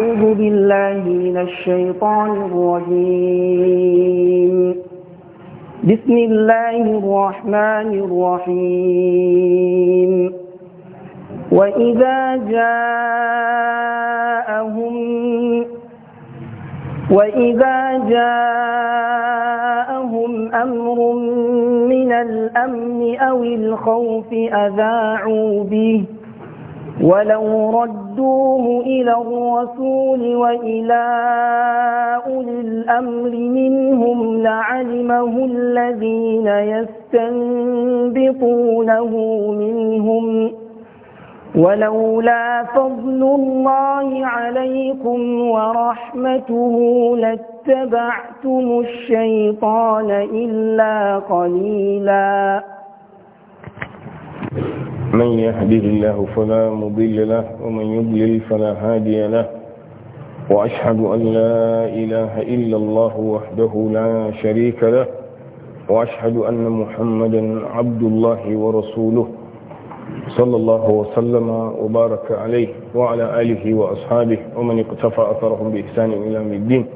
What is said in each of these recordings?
أعوذ بالله من الشيطان الرجيم بسم الله الرحمن الرحيم وإذا جاءهم وإذا جاءهم أمر من الأمن أو الخوف أذاعوا به ولو ردوه إلى الرسول وإلى أولي الأمر منهم لعلمه الذين يستنبطونه منهم ولولا فضل الله عليكم ورحمته لاتبعتم الشيطان إلا قليلاً من يهده الله فلا مضل له ومن يضلل فلا هادي له وأشهد أن لا إله إلا الله وحده لا شريك له وأشهد أن محمدا عبد الله ورسوله صلى الله وسلم وبارك عليه وعلى آله وأصحابه ومن اقتفى أثرهم بإحسان إلى الدين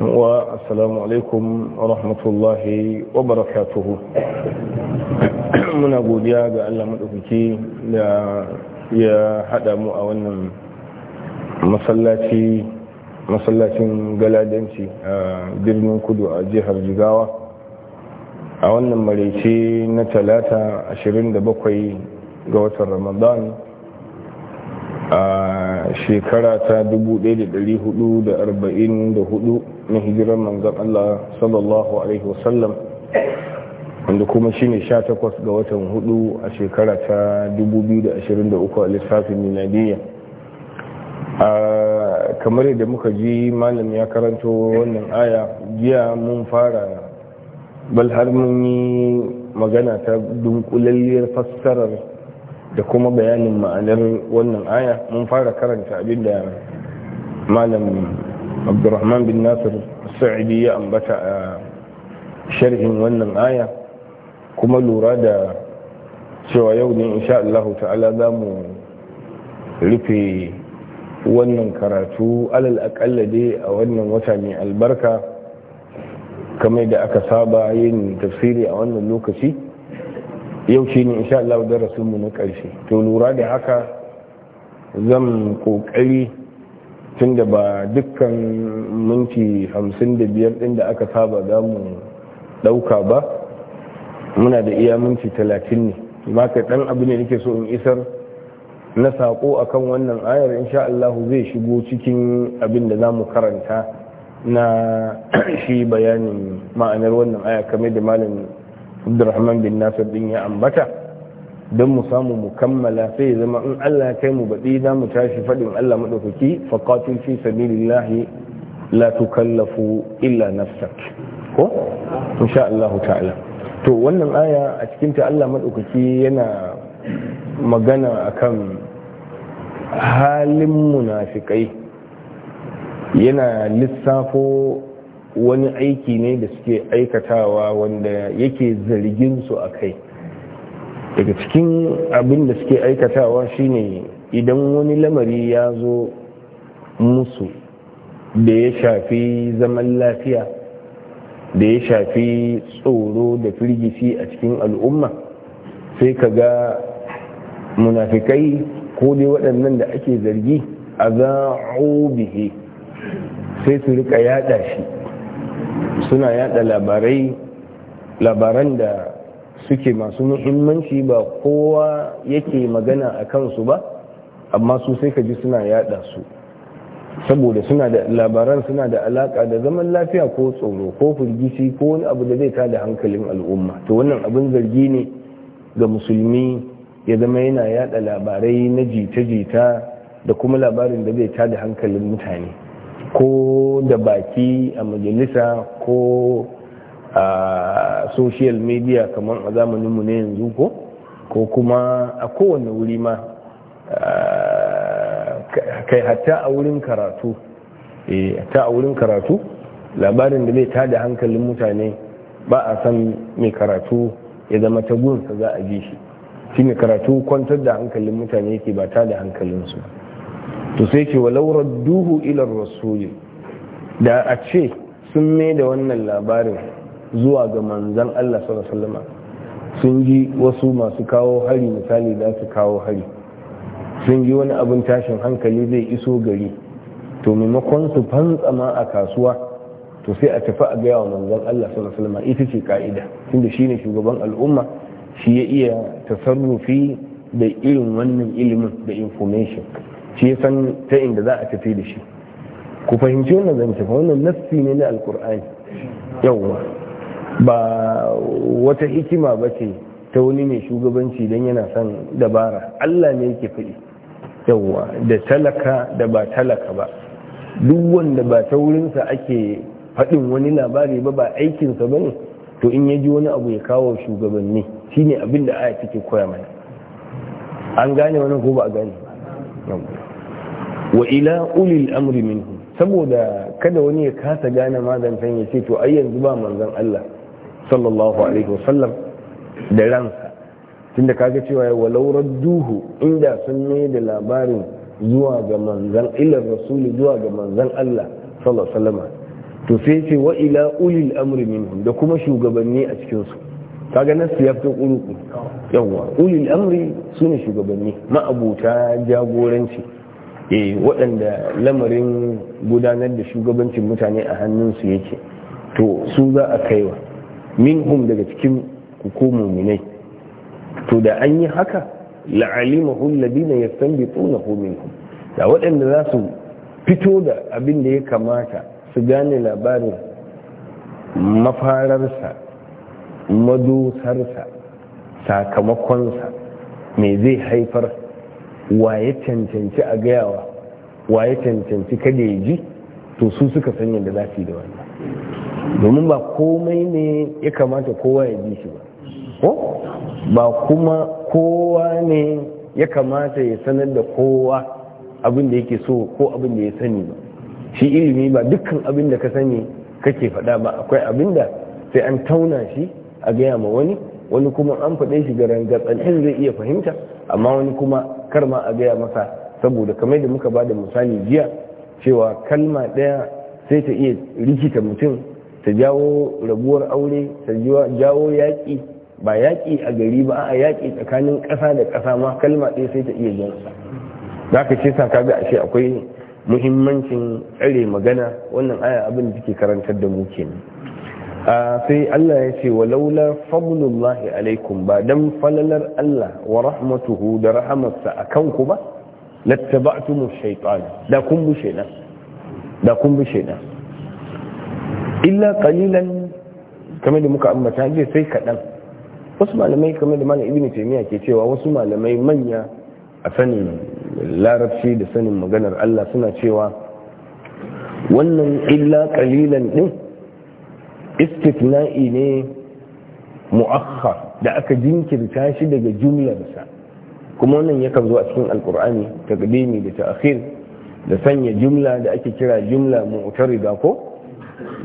wa assalamu alaikum wa rahmatullahi wa barakatuhu muna godiya ga Allah maɗauki da ya haɗa mu a wannan masallacin galadanci a birnin kudu a jihar jigawa a wannan maraice na talata 27 ga watan ramadan a shekara ta 1444 na hijiran manzan Allah sallallahu alaihi wasallam wanda kuma shi shine 18 ga watan hudu a shekara ta 2023 a lissafin miladiyya kamar yadda muka ji malam ya karanto wannan aya jiya mun fara bal har mun yi magana ta dunkulalliyar fassarar da kuma bayanin ma'anar wannan aya mun fara karanta abinda malam abdurrahman bin nasir sa'idi ya ambata a sharhin wannan aya kuma lura da cewa yau ne insha Allah ta'ala za mu rufe wannan karatu alal akalla dai a wannan wata mai albarka kamar da aka saba yin tafsiri a wannan lokaci yau shi ne insha Allah darasinmu na ƙarshe to lura da haka zan ƙoƙari tunda ba dukkan minti hamsin da biyar ɗin da aka saba za mu ɗauka ba muna da iya minti talatin ne maka ɗan abu ne nake so in isar na saƙo akan wannan ayar insha Allah zai shigo cikin abin da za mu karanta na shi bayanin ma'anar wannan aya kamar da malam abdurrahman bin nasir din ya ambata don mu samu mu kammala sai ya zama in Allah ya kai mu baɗi za mu tashi faɗin Allah maɗaukaki faƙatun fi sabilillahi la tukallafu illa nafsak ko insha Allah ta'ala to wannan aya a cikin ta Allah maɗaukaki yana magana akan halin munafikai yana lissafo wani aiki ne da suke aikatawa wanda yake zargin su a kai daga cikin abin da suke aikatawa shine idan wani lamari ya zo musu da ya shafi zaman lafiya da ya shafi tsoro da firgici a cikin al'umma sai ka ga munafikai ko dai waɗannan da ake zargi a bihi sai su rika yada shi suna yada labaran da suke masu muhimmanci ba kowa yake magana a kansu ba amma su sai ka ji suna yada su saboda suna da labaran suna da alaka da zaman lafiya ko tsoro ko firgisi ko wani abu da zai da hankalin al'umma to wannan abin zargi ne ga musulmi ya zama yana yada labarai na jita-jita da kuma labarin da zai ta da hankalin mutane ko da baki a majalisa ko a social media kamar a zamaninmu ne yanzu ko ko kuma a kowane wuri ma kai hatta a wurin karatu eh hatta a wurin karatu labarin da zai tada hankalin mutane ba a san mai karatu ya zama ta gunsa za a ji shi shi mai karatu kwantar da hankalin mutane yake ba tada hankalinsu to sai ce walau duhu ilar rasuli da a ce sun mai da wannan labarin zuwa ga manzan Allah sallallahu alaihi sun ji wasu masu kawo hari misali za su kawo hari sun ji wani abin tashin hankali zai iso gari to maimakon su fantsama a kasuwa to sai a tafi a gaya wa manzon Allah sallallahu ita ce ka'ida tunda shine shugaban al'umma shi ya iya tasarrufi da irin wannan ilimin da information shi ya san ta inda za a tafi da shi ku fahimci wannan zance wannan nassi ne na alkur'ani yawwa ba wata hikima ba ce ta wani mai shugabanci don yana son dabara allah ne yake fi yawwa da talaka da ba talaka ba duk wanda ba ta wurinsa ake faɗin wani labari ba ba aikinsa ba ne to in ya ji wani abu ya kawo shugabanni shine abin da aya take koya mana an gane wani ko ba a gane wa ila ulil amri minhu saboda kada wani ya kasa gane ma ya ce to ai yanzu ba manzon Allah sallallahu alaihi wasallam da ransa tunda kaga cewa ya walaurar duhu inda sun mai da labarin zuwa ga manzan ilar rasuli zuwa ga manzan Allah sallallahu alaihi wasallam to sai ce wa ila ulil amri minhum da kuma shugabanni a cikin su kaga nan su yafi kuruku yawa ulil amri sune shugabanni ma'abuta jagoranci eh waɗanda lamarin gudanar da shugabancin mutane a hannunsu yake to su za a kaiwa minhum daga cikin ko ne? to da an yi haka la'alima la'alimahu alladhina tsuna minhum da waɗanda za su fito da abin da ya kamata su gane labarin mafararsa madusarsa sakamakonsa mai zai haifar wa cancanci a gayawa wa cancanci kada ya ji to su suka san yadda za su yi da wani domin ba komai ne ya kamata kowa ya ji shi ba ko ba kuma kowa ne ya kamata ya sanar da kowa abin da yake so ko abin da ya sani ba shi ilimi ba dukkan abin da ka sani kake faɗa ba akwai abin da sai an tauna shi a gaya ma wani wani kuma an faɗe shi ga rangatsanin zai iya fahimta amma wani kuma kar ma a gaya masa saboda kamar da muka ba da misali jiya cewa kalma ɗaya sai ta iya rikita mutum ta jawo rabuwar aure ta jawo yaƙi ba yaƙi a gari ba a yaƙi tsakanin ƙasa da ƙasa ma kalma ɗaya sai ta iya jinsa za ka ce sa kaga ashe akwai muhimmancin tsare magana wannan aya abin da take karantar da mu kenan sai Allah ya ce wa laula fadlullahi alaikum ba dan falalar Allah wa rahmatuhu da rahamarsa a kanku ba lattaba'tumu shaytan da kun bi shaytan da kun bi shaytan illa qalilan kamar da muka ambata je sai kaɗan wasu malamai kamar da malam ibnu taymiya ke cewa wasu malamai manya a sanin larabci da sanin maganar Allah suna cewa wannan illa qalilan din istithna'i ne mu'akhkhar da aka jinkirta shi daga jumlarsa kuma wannan yakan zo a cikin alkur'ani takdimi da ta'khir da sanya jumla da ake kira jumla mu'tarida ko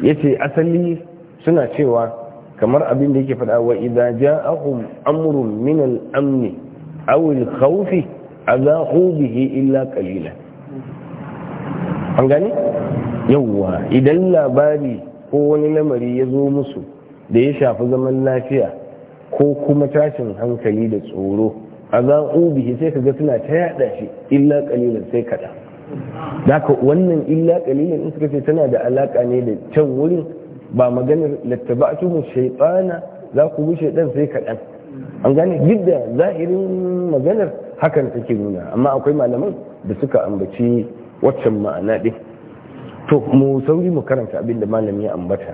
ya ce asali suna cewa kamar abin da yake faɗawa wa idza ja'ahum amni min al haufi a za a azahu bihi illa kalila an gani yawwa idan labari ko wani lamari ya zo musu da ya shafi zaman lafiya ko kuma tashin hankali da tsoro a za bihi sai ga suna ta yada shi illa qalilan sai kada Daka wannan illa kalilin in suka ce tana da alaka ne da can wurin ba maganar mu shaitana za ku bi ɗan sai kaɗan an gane duk zahirin maganar hakan take nuna amma akwai malaman da suka ambaci waccan ma'ana ɗin to mu sauri mu karanta abin da malami ya ambata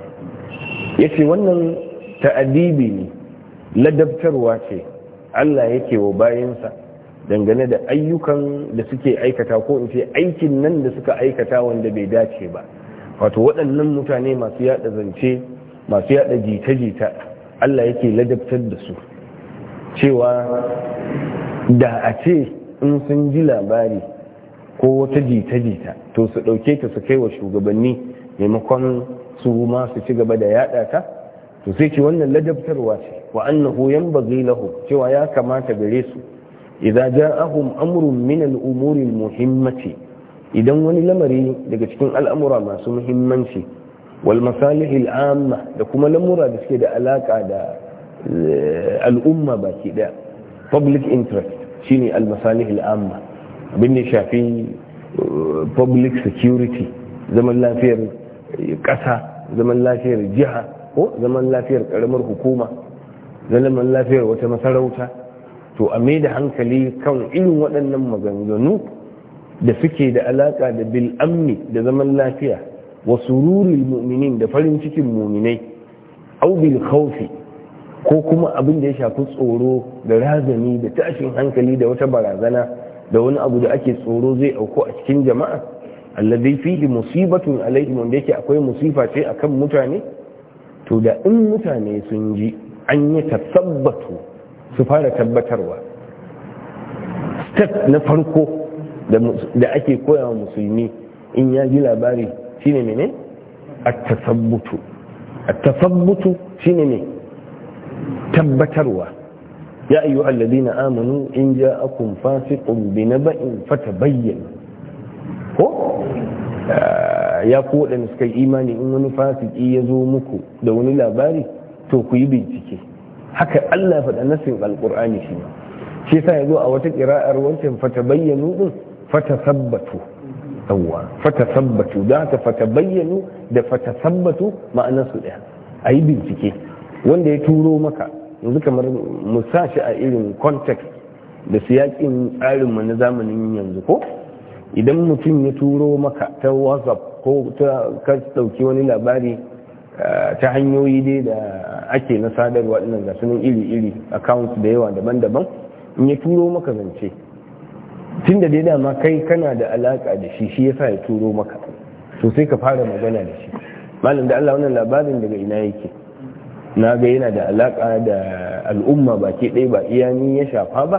ya ce wannan ta'adibi ne ladabtarwa ce Allah yake wa bayansa dangane da ayyukan da suke aikata ko in ce aikin nan da suka aikata wanda bai dace ba wato waɗannan mutane masu yada zance masu yaɗa jita-jita Allah yake ladabtar da su cewa da a ce in sun ji labari ko wata jita-jita to su ɗauke ta su kai wa shugabanni maimakon su ma su ci gaba da yada ta to sai ce wannan ladabtarwa ce wa annahu yanbaghi lahu cewa ya kamata gare su idza ja'ahum amrun min al-umuri idan wani lamari daga cikin al'amura masu muhimmanci wal masalihil amma da kuma lamura da suke da alaƙa da al'umma baki ɗaya public interest shine al masalihil amma abin da shafi public security zaman lafiyar kasa zaman lafiyar jiha ko zaman lafiyar karamar hukuma zaman lafiyar wata masarauta to a mai da hankali kan irin waɗannan maganganu da suke da alaƙa da bil amni da zaman lafiya wa sururi mu'minin da farin cikin mu'minai au bil khawfi ko kuma abin da ya shafi tsoro da razani da tashin hankali da wata barazana da wani abu da ake tsoro zai auku a cikin jama'a alladhi fihi musibatun alaihim wanda yake akwai musifa ce akan mutane to da in mutane sun ji an yi tasabbatu su fara tabbatarwa step na farko da ake koya wa musulmi in ya ji labari shine ne a tasabbutu a tasabbutu shine ne tabbatarwa ya ayyu ayyuha na amanu in ja na ba'in fata bayyana ko eh, ya ku waɗanda suka yi imani in wani fasiki ya zo muku da wani labari to ku yi bincike haka Allah ya faɗa nasin alqur'ani shi ne. shi yasa yazo a wata ƙira'ar wancan bayyanu din fatasabbatu yawwa fatasabbatu da haka bayyanu da fatasabbatu ma'anar su A ayi bincike wanda ya turo maka yanzu kamar mu sa shi a irin context da siyakin tsarin mu na zamanin yanzu ko idan mutum ya turo maka ta whatsapp ko ta ka ɗauki wani labari ta hanyoyi dai da ake na sadarwa ɗin ga sunan iri-iri accounts da yawa daban-daban in ya turo maka zance tun da dai dama kai kana da alaƙa da shi shi yasa ya turo maka to sai ka fara magana da shi malam da Allah wannan labarin daga ina yake na ga yana da alaƙa da al'umma ba ke ɗaya ba iya ya shafa ba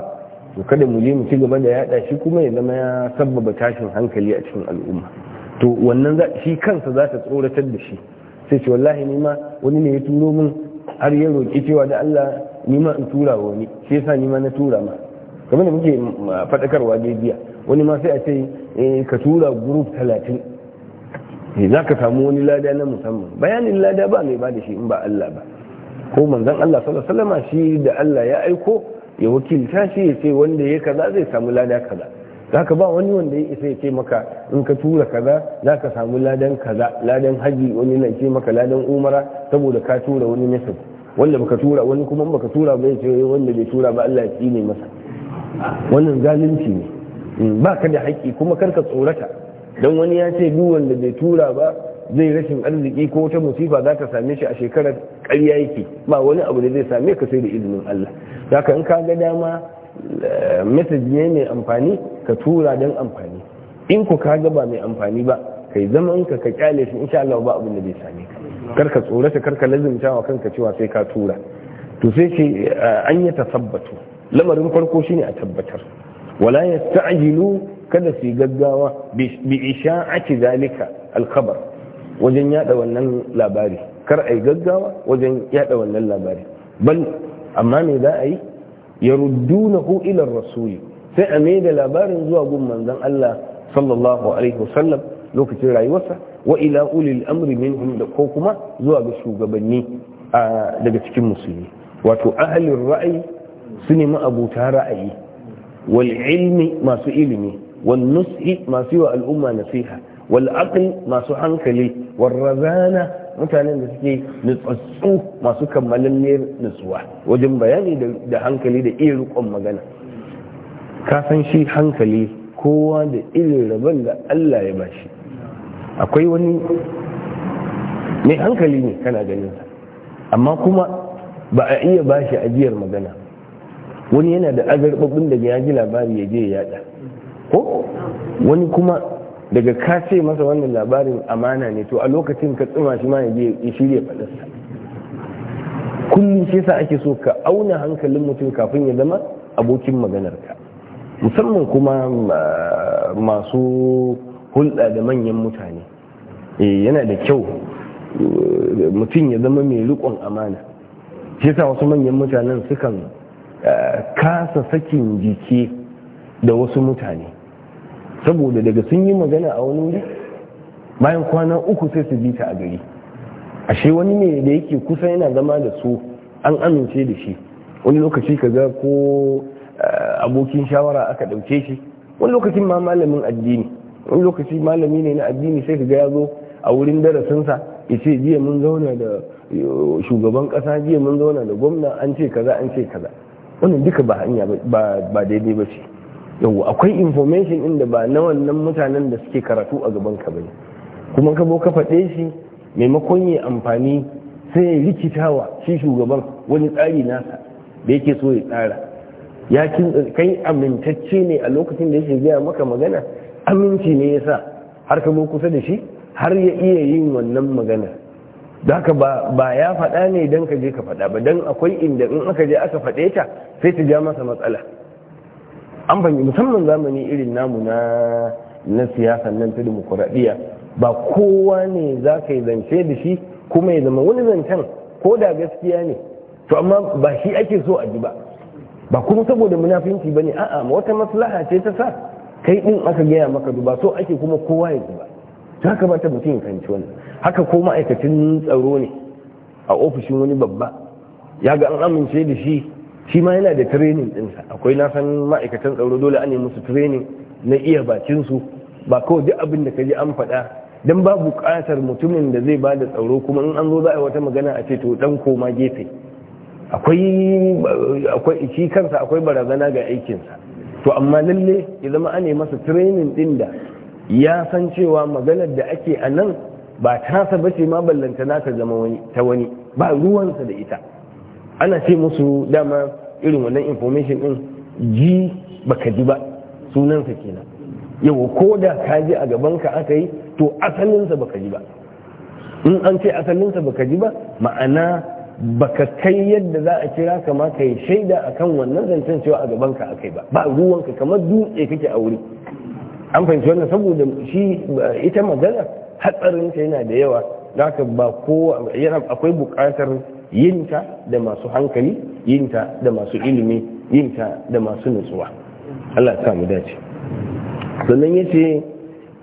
to kada mu je mu ci gaba da yaɗa shi kuma ya zama ya sabbaba tashin hankali a cikin al'umma to wannan shi kansa za ta tsoratar da shi sai ce wallahi ni ma wani ne ya turo min har ya roƙi cewa da Allah ni ma in tura wani sai yasa nima ma na tura ma kamar da muke faɗakarwa da biya wani ma sai a ce eh, ka tura group talatin eh, za ka samu wani lada na musamman bayanin lada ba mai ba da shi in ba Allah ba ko manzon Allah sallallahu alaihi wasallam shi da Allah ya aiko ya wakilta shi ya ce wanda ya kaza zai samu lada kaza haka ba wani wanda ya isa ya ce maka in ka tura kaza za ka samu ladan kaza ladan haji wani na ce maka ladan umara saboda ka tura wani nasib wanda baka tura wani kuma baka tura ba ya ce eh, wanda bai tura ba Allah ya tsine masa wannan zalunci ne mm, ba ka da haƙƙi kuma karka tsorata don wani ya ce duk wanda bai tura ba zai rashin arziki ko wata musifa za ka same shi a shekarar ƙarya yake ba wani abu da zai same ka sai da izinin Allah zaka in ka ga dama message ne mai amfani ka tura don amfani in ku kaga ba mai amfani ba kai zaman ka ka kyale shi insha Allah ba abin da zai same ka karka tsorata karka lazimta wa kanka cewa sai ka tura to sai ce eh, an yi tasabbatu lamarin farko shine a tabbatar wala yasta'jilu kada su gaggawa bi isha'ati zalika al-khabar wajen yada wannan labari kar ai gaggawa wajen yada wannan labari bal amma me za a yi yaruddunahu ilar rasuli sai a mai da labarin zuwa gun manzon Allah sallallahu alaihi wasallam lokacin rayuwarsa wa ila ulil amri minhum da ko kuma zuwa ga shugabanni daga cikin musulmi wato ahalin ra'ayi su ne ma'abuta ra'ayi wal ilmi masu ilimi wal nushi masu yi wa al'umma nasiha wal aql masu hankali wal razana mutanen da suke nutsatsu masu ne nutsuwa wajen bayani da hankali da iya rukon magana ka san shi hankali kowa da irin rabon da Allah ya bashi akwai wani mai hankali ne kana ganin sa amma kuma ba a iya ba shi ajiyar magana wani yana da agarbabin da ya ji labari ya je ya yada ko wani kuma daga ka ce masa wannan labarin amana ne to a lokacin ka tsima shi ma ya shirya faɗarsa kullum shi yasa ake so ka auna hankalin mutum kafin ya zama abokin maganarka musamman kuma masu hulɗa da manyan mutane eh, yana da kyau eh, mutum ya zama mai riƙon amana shi sa wasu manyan mutanen sukan eh, kasa sakin jiki da wasu mutane saboda daga sun yi magana a wani wuri bayan kwana uku sai su bi a gari ashe wani ne da yake kusa yana zama da su an amince da shi wani lokaci ka ga ko eh, abokin shawara aka ɗauke shi wani lokacin ma malamin addini wani lokaci malami ne na addini sai ka ga ya zo a wurin darasinsa ya ce jiya mun zauna da eh, shugaban ƙasa jiya mun zauna da gwamna an ce kaza an ce kaza wannan duka ba hanya ba daidai ba ce yau akwai information inda ba na wannan mutanen da suke karatu a gaban ka bane kuma ka bo ka faɗe shi maimakon yi amfani sai ya rikitawa shi shugaban wani tsari nasa da yake so ya tsara ya kai amintacce ne a lokacin da yake gaya maka magana aminci ne ya sa har ka bo kusa da shi har ya iya yin wannan magana da ka ba ya faɗa ne don ka je ka faɗa ba don akwai inda in aka je aka faɗe ta sai ta ja masa matsala an ban musamman zamani irin namu na na siyasan nan ta dimokuraɗiyya ba kowa ne za ka yi zance da shi kuma ya zama wani zancen ko da gaskiya ne to amma ba shi ake so a ji ba ba kuma saboda munafinci ba ne a'a wata maslaha ce ta sa kai din aka gaya maka duba so ake kuma kowa ya ba ta haka ba ta mutum ya fahimci wannan haka ko ma'aikacin tsaro ne a ofishin wani babba ya ga an amince da shi shi ma yana da training ɗinsa akwai na san ma'aikatan tsaro dole an yi musu training na iya bakinsu ba kawai duk abin da ka ji an faɗa dan ba buƙatar mutumin da zai bada tsaro kuma in an zo za a wata magana a ce to dan koma gefe akwai shi kansa akwai barazana ga aikinsa to amma lalle ya zama an yi masa training ɗin da ya san cewa maganar da ake a nan ba ba ce ma ballanta na ta zama wani, ta wani ba ruwansa da ita ana ce musu dama irin wannan information din ji baka ji ba sunansa kenan yau ko da ka ji a gabanka aka yi to asalinsa baka ji ba in an ce asalinsa baka ji ba ma'ana baka kai yadda za a kira ka ma kai shaida kan wannan zancen cewa a gabanka aka yi ba ba ruwanka kamar dutse kake a wuri an fahimci wannan saboda shi ita magana hatsarin ta yana da yawa zaka ba ko akwai bukatar yinta da masu hankali yinta da masu ilimi yinta da masu nutsuwa Allah ta mu dace sannan ya yace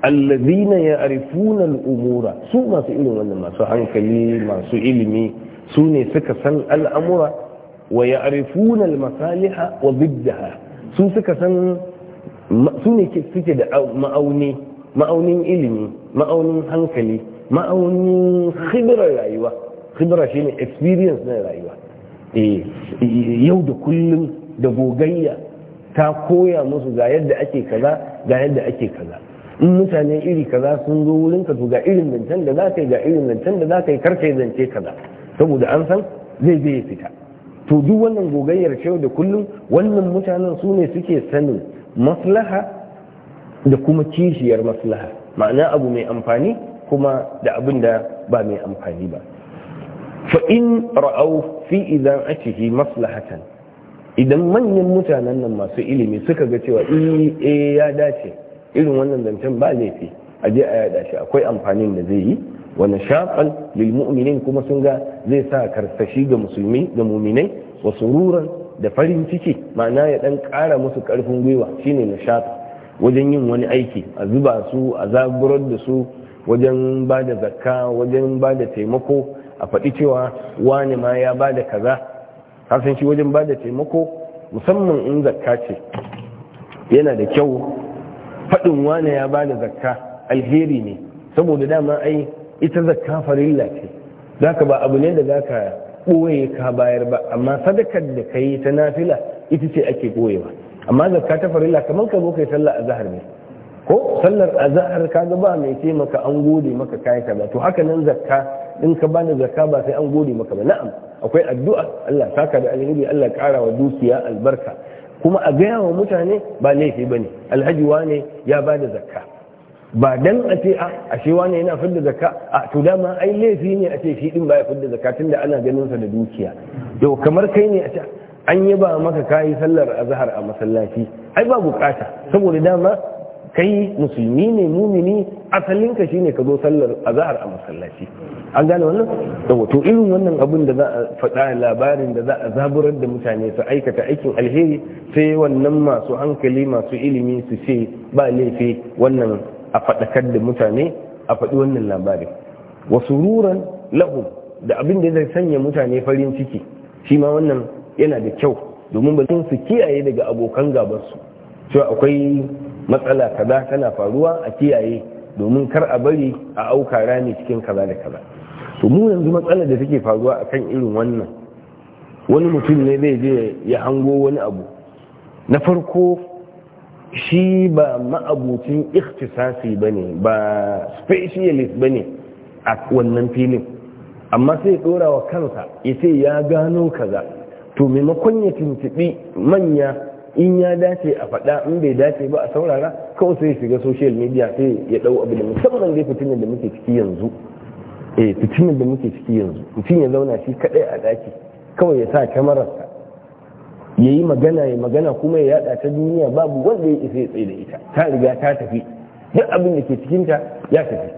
allazina ya'rifuna al-umura su masu ilimi wannan masu hankali masu ilimi su ne suka san al'amura wa ya ya'rifuna al-masaliha wa biddaha su suka san su ne suke da ma'auni ma'aunin ilimi ma'aunin hankali ma'aunin khibrar rayuwa khibra shine experience na rayuwa eh, yau da kullum da gogayya ta koya musu ga yadda ake kaza ga yadda ake kaza in mutane iri kaza sun zo wurin ka to ga irin zancen da za ka yi ga irin zancen da za ka yi zance kaza saboda an san zai zai ya fita to duk wannan gogayyar cewa da kullum wannan mutanen su ne suke sanin maslaha da kuma kishiyar maslaha ma'ana abu mai amfani kuma da abin da ba mai amfani ba fa'in ra'au fi idan ake maslahatan idan manyan mutanen nan masu ilimi suka ga cewa eh ya dace irin wannan zancen ba laifi a je a yada shi akwai amfanin da zai yi wani shafal mu'minin kuma sun ga zai sa karsashi ga musulmi ga muminai wa sururan, da farin ciki ma'ana ya dan kara musu karfin gwiwa shine na shafa wajen yin wani aiki a zuba su a zagurar da su wajen bada zakka wajen ba da taimako a faɗi cewa wani ma ya ba da kaza kasan shi wajen ba da taimako musamman in zakka ce yana da kyau faɗin wani ya ba da zakka alheri ne saboda dama ai ita zakka farilla ce zaka ba abu ne da zaka ɓoye ka bayar ba amma sadakar da ka yi ta nafila ita ce ake ɓoyewa amma zakka ta farilla kamar ka zo kai sallah a zahar ne ko sallar azahar kaga ba mai taimaka an gode maka kayan kaza to haka nan zakka in ka bani zakka ba sai an gode maka ba na'am akwai addu'a Allah saka da alheri Allah kara wa dukiya albarka kuma a gaya wa mutane ba laifi bane alhaji wane ya bada zakka ba dan a ce a ah, ashe wane yana fidda zakka a to dama ai laifi ne a ce shi din baya fidda zakka tunda ana ganin sa da dukiya do kamar kai ne a ce an yaba maka kayi sallar azhar a masallaci ai ba bukata saboda dama kai musulmi ne mumini asalinka shine ka zo sallar azhar a masallaci an gane wannan to irin wannan abin da za a faɗa labarin da za a zaburar da mutane su aikata aikin alheri sai wannan masu hankali masu ilimi su ce ba laifi wannan a faɗakar da mutane a faɗi wannan labarin wasu ruran lahu da abin da zai sanya mutane farin ciki shi ma wannan yana da kyau domin ba su kiyaye daga abokan su cewa akwai matsala kaza tana faruwa a kiyaye domin kar a bari a auka rami cikin kaza da kaza to mu yanzu matsalar da take faruwa akan irin wannan wani mutum ne zai je ya hango wani abu na farko shi ba ma'abucin ikhtisasi ba ne ba specialist ba ne a wannan filin amma sai ya wa kansa ya ce ya gano kaza to maimakon ya tuntuɓi manya in ya dace a faɗa in bai dace ba a saurara kawai sai shiga social media sai ya ɗau abu da musamman zai fitinar da muke ciki yanzu eh fitinin da muke ciki yanzu mutum ya zauna shi kadai a daki kawai ya sa kyamararsa ya yi magana ya magana kuma ya yada ta duniya babu wanda ya isa ya tsaye da ita ta riga ta tafi duk abin da ke cikinta ya tafi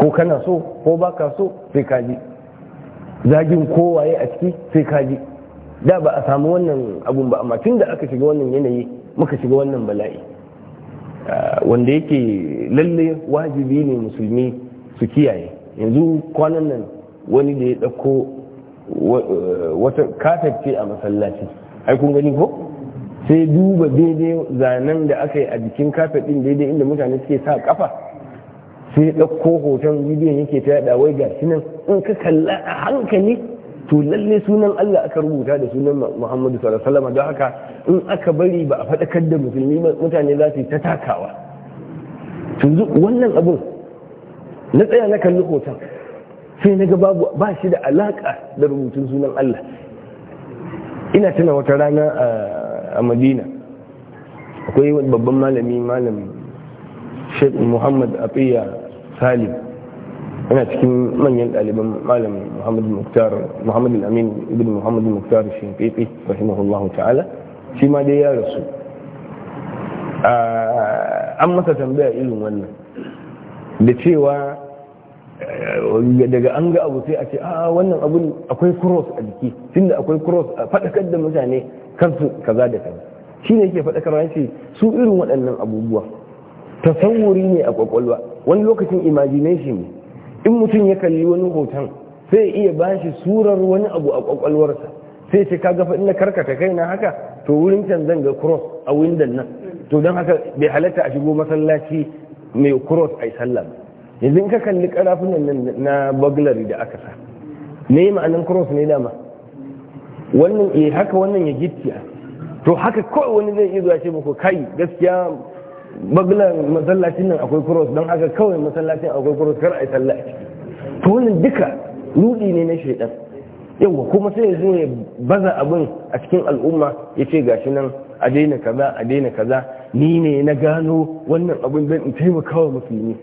ko kana so ko baka so sai ka ji zagin kowaye a ciki sai ka ji da ba a samu wannan abun ba amma tun da aka shiga wannan yanayi muka shiga wannan bala'i ah, wanda yake lalle wajibi ne musulmi su kiyaye yanzu kwanan nan wani da ya ɗauko eh, wata katacce a masallaci ai gani ko sai duba daidai zanen da aka yi a jikin kafet din daidai inda mutane suke sa kafa sai ɗauko hoton bidiyon yake ta yada wai ga shi nan in ka kalla a hankali to lalle sunan Allah aka rubuta da sunan Muhammadu sallallahu alaihi wasallam don haka in aka bari ba a faɗakar da musulmi mutane za su yi ta takawa to wannan abun na tsaya na kalli hoton sai na ga babu ba shi da alaka da rubutun sunan Allah ina tuna wata rana a Madina akwai wani babban malami malam Sheikh Muhammad Afiya Salim ina cikin manyan ɗaliban malam Muhammad Muktar Muhammad Al-Amin ibn Muhammad Muktar Shinkifi rahimahullahu ta'ala shi ma dai ya rasu an masa tambaya irin wannan da cewa daga an ga abu sai a ce a wannan abun akwai cross a jiki tunda akwai cross a faɗakar da mutane kansu kaza da kaza shi ne ke faɗakar ya su irin waɗannan abubuwa tasawuri ne a ƙwaƙwalwa. wani lokacin imagination ne in mutum ya kalli wani hoton sai iya ba shi surar wani abu a kwakwalwarsa sai ce ka gafa ina karkata kai na haka to wurin can zan ga cross a windon nan to don haka bai halatta a shigo masallaci mai cross a yi sallah yanzu in ka kalli karafunan nan na burglary da aka sa ne ma'anin cross ne dama wannan eh haka wannan ya gittiya to haka kawai wani zai iya zuwa ce muku kai gaskiya baglan masallacin nan akwai cross don haka kawai masallacin akwai cross kar a yi sallah a ciki to wannan duka nudi ne na shaidan yawa kuma sai yanzu ya baza abin a cikin al'umma ya ce gashi nan a daina kaza a daina kaza ni ne na gano wannan abin don in taimaka wa musulmi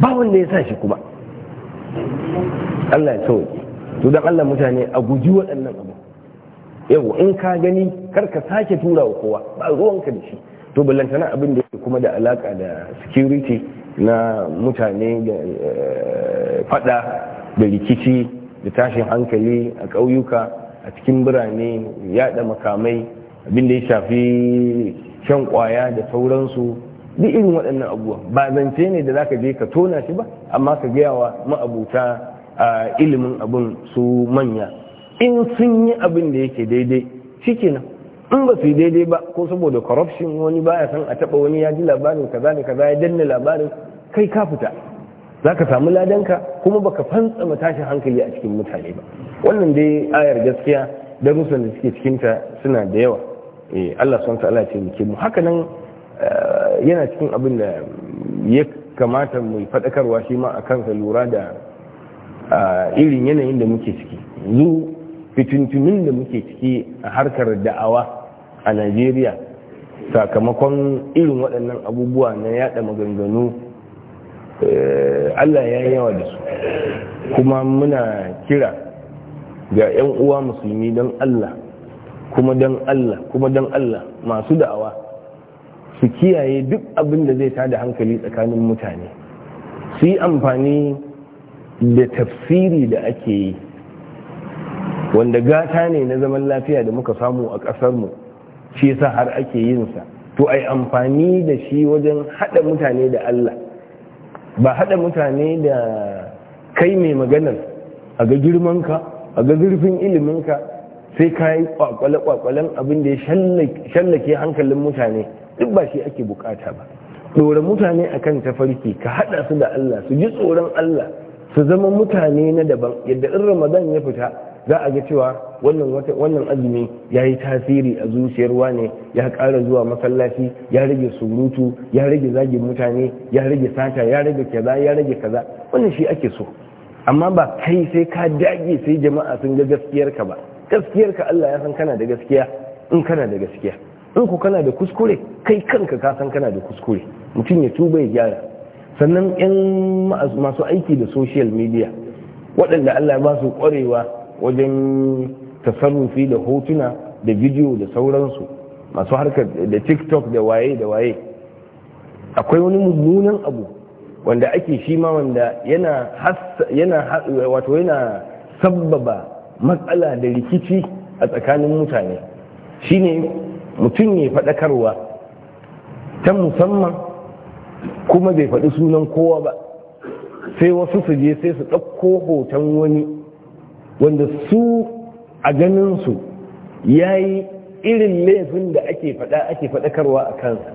ba wanda ya sa shi kuma Allah ya sauke to dan Allah mutane a guji waɗannan abu yau in ka gani kar ka sake tura wa kowa ba ruwanka da shi to ballantana abin da yake kuma da alaka da security na mutane da eh, fada da rikici da tashin hankali a ƙauyuka a cikin birane yada makamai abin da ya shafi shan kwaya da sauransu duk irin waɗannan abuwa ba zance ne da za ka je ka tona shi ba amma ka gaya wa ma'abuta ilimin abin su manya in sun yi abin da yake daidai nan in ba su yi daidai ba ko saboda corruption wani ba ya san a taba wani ya ji labarin kaza ne kaza ya danna labarin kai ka fita za ka samu ladanka kuma ba baka fantsama tashin hankali a cikin mutane ba wannan dai ayar gaskiya darussan da suke cikinta suna da yawa eh, Allah subhanahu wa ta'ala ce mu haka nan Eh, yana cikin abin da ya kamata mu faɗakarwa shi ma a kansa lura da eh, irin yanayin da muke ciki zu fitintunin da muke ciki a harkar da'awa a najeriya sakamakon irin waɗannan abubuwa na yada maganganu eh, allah ya yawa da su kuma muna kira ga 'yan uwa musulmi allah kuma don allah kuma don allah masu da'awa su kiyaye duk abin da zai tada hankali tsakanin mutane su yi amfani da tafsiri da ake yi wanda gata ne na zaman lafiya da muka samu a ƙasarmu shi yasa har ake yinsa to ai amfani da shi wajen haɗa mutane da Allah ba haɗa mutane da kai mai maganar a ga ka, a ga zurfin iliminka sai ka yi kwakwale-kwakwalen abin da ya shallake hankalin mutane duk ba shi ake bukata ba tsoron mutane a kan tafarki ka hada su da Allah su ji tsoron Allah su zama mutane na daban yadda in Ramadan ya fita za a ga cewa wannan azumi ya yi tasiri a zuciyar wane ya kara zuwa masallaci ya rage surutu ya rage zagin mutane ya rage sata ya rage kaza ya rage kaza wannan shi ake so amma ba kai sai ka dage sai jama'a sun ga gaskiyarka ba gaskiyarka Allah ya san kana da gaskiya in kana da gaskiya in ku kana da kuskure kai kanka ka san kana da kuskure mutum ya tuba ya gyara sannan yan masu aiki da social media waɗanda Allah ba su ƙwarewa wajen tasarrufi da hotuna da video da sauransu masu harkar da tiktok da waye da waye akwai wani mummunan abu wanda ake shi ma wanda yana wato yana sabbaba matsala da rikici a tsakanin mutane shine mutum ya faɗakarwa ta musamman kuma bai faɗi sunan kowa ba sai wasu su je sai su ɗauko hoton wani wanda su a ganinsu ya yi irin laifin da ake faɗa ake faɗakarwa a kansa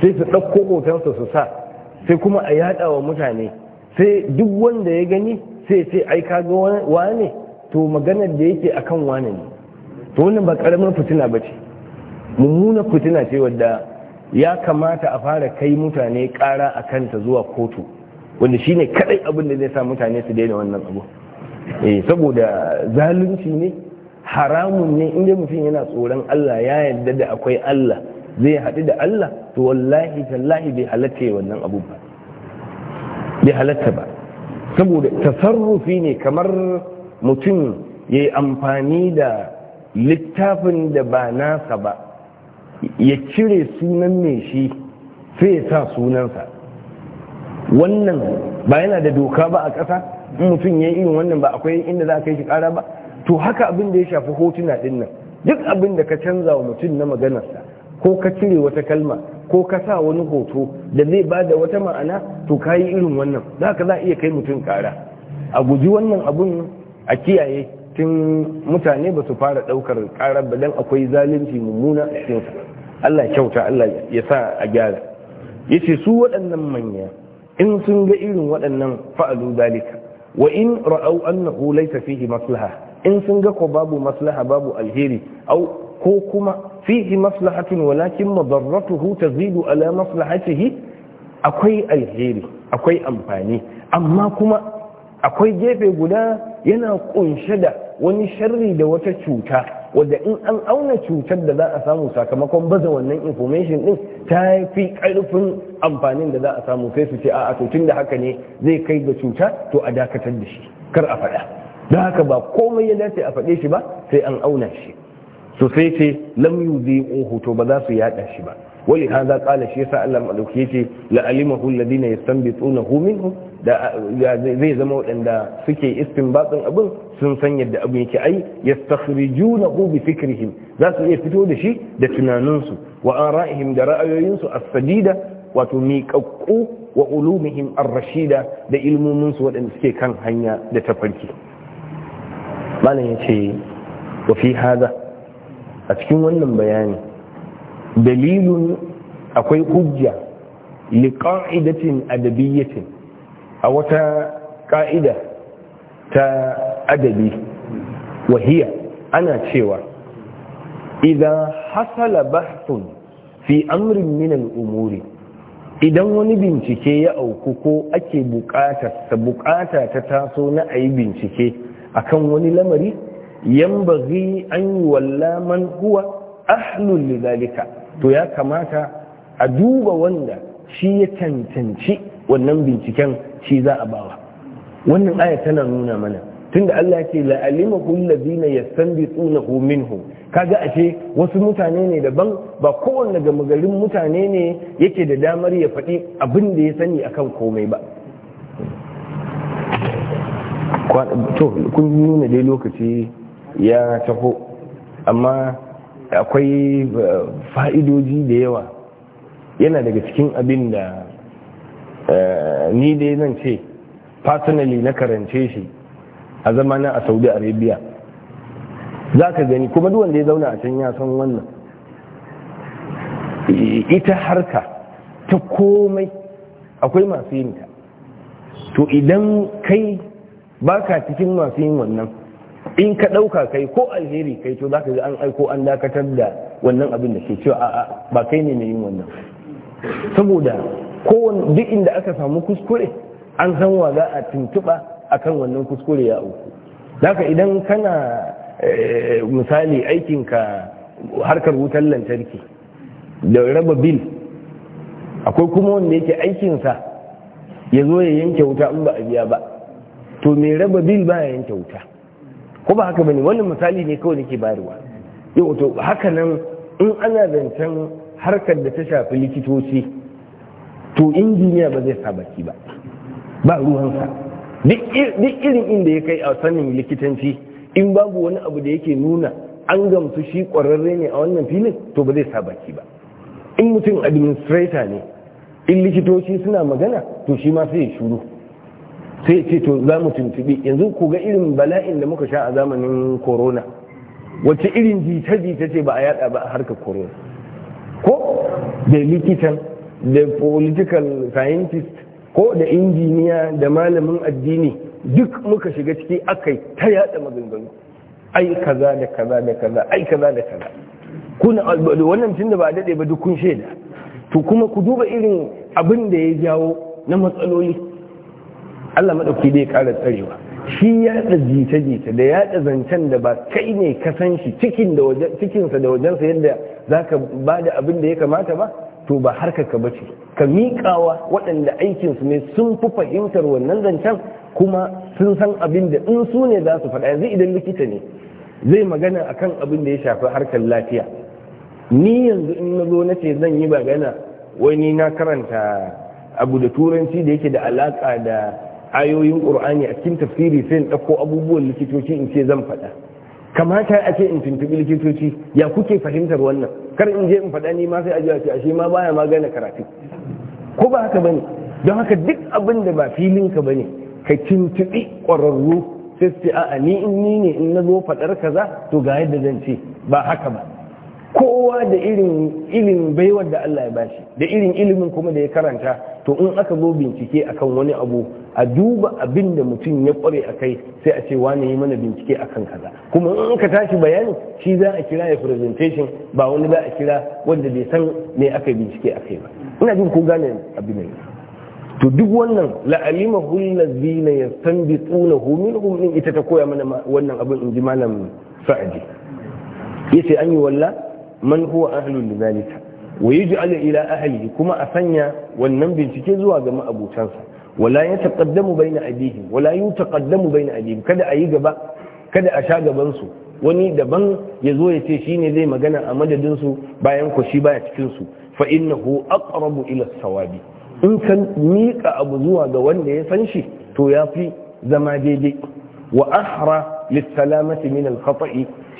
sai su ɗauko hotonsa su sa sai kuma a yaɗa wa mutane sai duk wanda ya gani sai sai ai kaga wane to maganar da yake akan wane ne to wannan ba karamin fitina ba ce mummuna fitina ce wadda ya kamata a fara kai mutane kara a kanta zuwa kotu wanda shine kadai abin da zai sa mutane su daina wannan abu eh saboda zalunci ne haramun ne inda mutum yana tsoron Allah ya yarda da akwai Allah zai haɗu da Allah to wallahi tallahi bai halatta wannan abu ba bai halatta ba saboda tasarrufi ne kamar mutum ya yi amfani da littafin da ba nasa ba ya cire sunan ne shi sai ya sa sunansa wannan ba yana da doka ba a ƙasa in mutum ya yi irin wannan ba akwai inda za a kai shi ƙara ba to haka abin da ya shafi hotuna ɗin nan duk abin da ka canza wa mutum na maganarsa ko ka cire wata kalma ko ka sa wani hoto da zai ba da wata ma'ana to ka yi irin wannan za ka za a iya kai mutum ƙara a guji wannan abun a kiyaye tun mutane ba su fara daukar karar ba dan akwai zalunci mummuna a cikin Allah kyauta Allah ya sa a gyara yace su waɗannan manya in sun ga irin waɗannan fa'alu dalika wa in ra'au annahu laysa fihi maslaha in sun ga ko babu maslaha babu alheri au ko kuma fihi maslahatun walakin madarratuhu tazidu ala maslahatihi akwai alheri akwai amfani amma kuma akwai gefe guda yana kunshe da wani sharri da wata cuta wadda in an auna cutar da za a samu sakamakon baza wannan information din ta fi karfin amfanin da za a samu sai su ce a tun da haka ne zai kai ga cuta to a dakatar da shi kar a faɗa Da haka ba komai ya dace a faɗe shi ba sai an auna shi so sai ce lam yudhi'uhu to ba za su yaɗa shi ba ولهذا قال الشيخ الله مدوكيتي لعلمه الذين hu min? da zai zama waɗanda suke batsin abin sun san yadda abin yake ai juna bi fikirin za su iya fito da shi da tunaninsu wa 'an ra'ihim da ra'ayoyinsu a sadida wato miƙaƙƙu wa ulumihim an rashida da ilmominsu waɗanda suke kan hanya da tafarki malam yace wa fi hada a cikin wannan bayani dalilun akwai hujja liqa'idatin adabiyyatin a wata ƙa'ida ta adabi wahiya ana cewa idan hasala bahthun fi amrin minal umuri idan wani bincike ya auku ko ake ta bukata ta taso na a yi bincike akan wani lamari bazi an yi walla man huwa ahlul to ya kamata a duba wanda shi ya cancanci wannan binciken shi za a bawa wannan aya tana nuna mana tunda Allah ke la'alima kullazina yastanbitunahu minhu kaga ashe wasu mutane ne daban ba kowanne gama garin mutane ne yake da damar ya faɗi abin da ya sani akan komai ba to kun nuna dai lokaci ya taho amma akwai eh, fa'idoji da yawa yana daga cikin abin da Eh, ni dai zan ce personally na karance shi a zamanin a saudi arabia za ka gani kuma duk wanda ya zauna a can ya san wannan ita harka ta komai akwai masu yin ta to idan kai baka cikin masu yin wannan in ka ɗauka kai ko alheri kai to za ka ji an aiko an dakatar da wannan abin da ke cewa a'a ba kai ne mai yin wannan saboda kowane duk inda aka samu kuskure an san wa za a tuntuɓa akan wannan kuskure ya auku daga idan kana eh, misali aikinka harkar wutar lantarki da raba bil akwai kuma wanda yake aikinsa ya zo ya yanke wuta in ba a biya ba to mai raba bil ba ya yanke wuta ko ba haka bane wannan misali ne kawai nake bayarwa yau to haka nan in ana zancen harkar da ta shafi likitoci to injiniya ba zai sa baki ba ba ruwansa duk irin inda ya kai a sanin likitanci in babu wani abu da yake nuna an gamsu shi kwararre ne a wannan filin to ba zai sa baki ba in mutum administrator ne in likitoci suna magana to shi ma sai ya shuru sai ce to za mu tuntubi yanzu ku ga irin bala'in da muka sha a zamanin corona wacce irin jita-jita ce ba a yada ba a harkar corona ko da likitan da political scientist ko da injiniya da malamin addini duk muka shiga ciki akai ta yada maganganu ai kaza da kaza da kaza ai kaza da kaza kuna wannan tunda ba dade ba duk kun shaida to kuma ku duba irin abin da ya jawo na matsaloli Allah madauki dai ƙara tsarewa shi yaɗa jita-jita da yaɗa zancen da ba kai ne ka san shi cikinsa da wajensa yadda zaka ba da abin da ya kamata ba to ba harkarka ka bace ka miƙawa waɗanda aikinsu ne sun fi fahimtar wannan zancen kuma sun san abin da in su ne za su faɗa yanzu idan likita ne zai magana akan abin da ya shafi harkar lafiya ni yanzu in na zo na ce zan yi magana wani na karanta abu da turanci da yake da alaƙa da ayoyin ƙur'ani a cikin tafsiri sai in ɗauko abubuwan likitoci in ce zan faɗa kamata a ce in tuntubi likitoci ya kuke fahimtar wannan kar in je in faɗa ni ma sai a jiwa ce ashe ma baya ma gane karatu ko ba haka bane don haka duk abin da ba filin ka bane ka tuntubi ƙwararru sai su ce a'a ni in ni ne in na zo faɗar kaza to ga yadda zan ce ba haka ba kowa da irin irin baiwar da Allah ya bashi da irin ilimin kuma da ya karanta to in aka zo bincike akan wani abu a duba abinda mutum ya kware a kai sai a ce wani yi mana bincike akan kaza kuma in ka tashi bayani shi za a kira ya presentation ba wani za a kira wanda bai san me aka bincike a kai ba ina jin ko gane abin nan to duk wannan la'alima hullazina yastanbitunahu minhum in ita ta koya mana wannan abin in ji malam sa'adi yace an yi walla man huwa ahlun lidhalika wa yaj'al ila ahlihi kuma a sanya wannan bincike zuwa ga ma'abutansa wala yataqaddamu baina abihi wala yutaqaddamu baina abihi kada ayi gaba kada a sha gaban su wani daban ya zo ya ce shine zai magana a madadin su bayan ku shi baya cikin su fa innahu aqrabu ila sawabi in kan miƙa abu zuwa ga wanda ya san shi to ya fi zama daidai wa ahra lissalamati min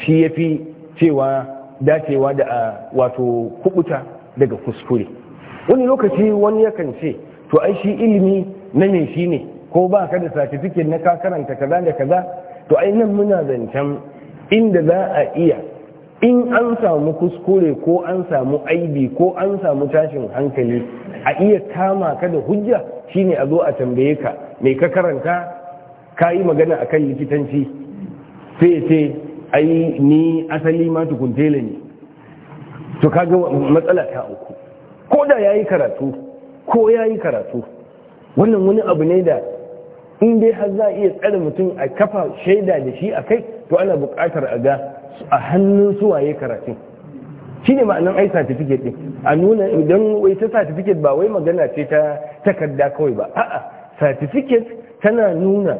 shi ya fi cewa dacewa da wato kubuta daga kuskure wani lokaci wani yakan ce to ai shi ilimi na me shi ne ko ba ka da satifikin na ka karanta kaza da kaza to ai nan muna zancen inda za a iya in an samu kuskure ko an samu aibi ko an samu tashin hankali a iya kama ka da hujja shine a zo a tambaye ka mai ka karanta ka yi magana akan likitanci sai ce ai ni asali ma tukun ne to kaga matsala ta uku ko da yayi karatu ko yayi karatu wannan wani abu ne da in dai har za iya tsare mutum a kafa shaida da shi a kai to ana buƙatar a ga a hannun suwaye karatun shi ne ma'anar ai certificate ɗin a nuna idan wai ta certificate ba wai magana ce ta takarda kawai ba a'a certificate tana nuna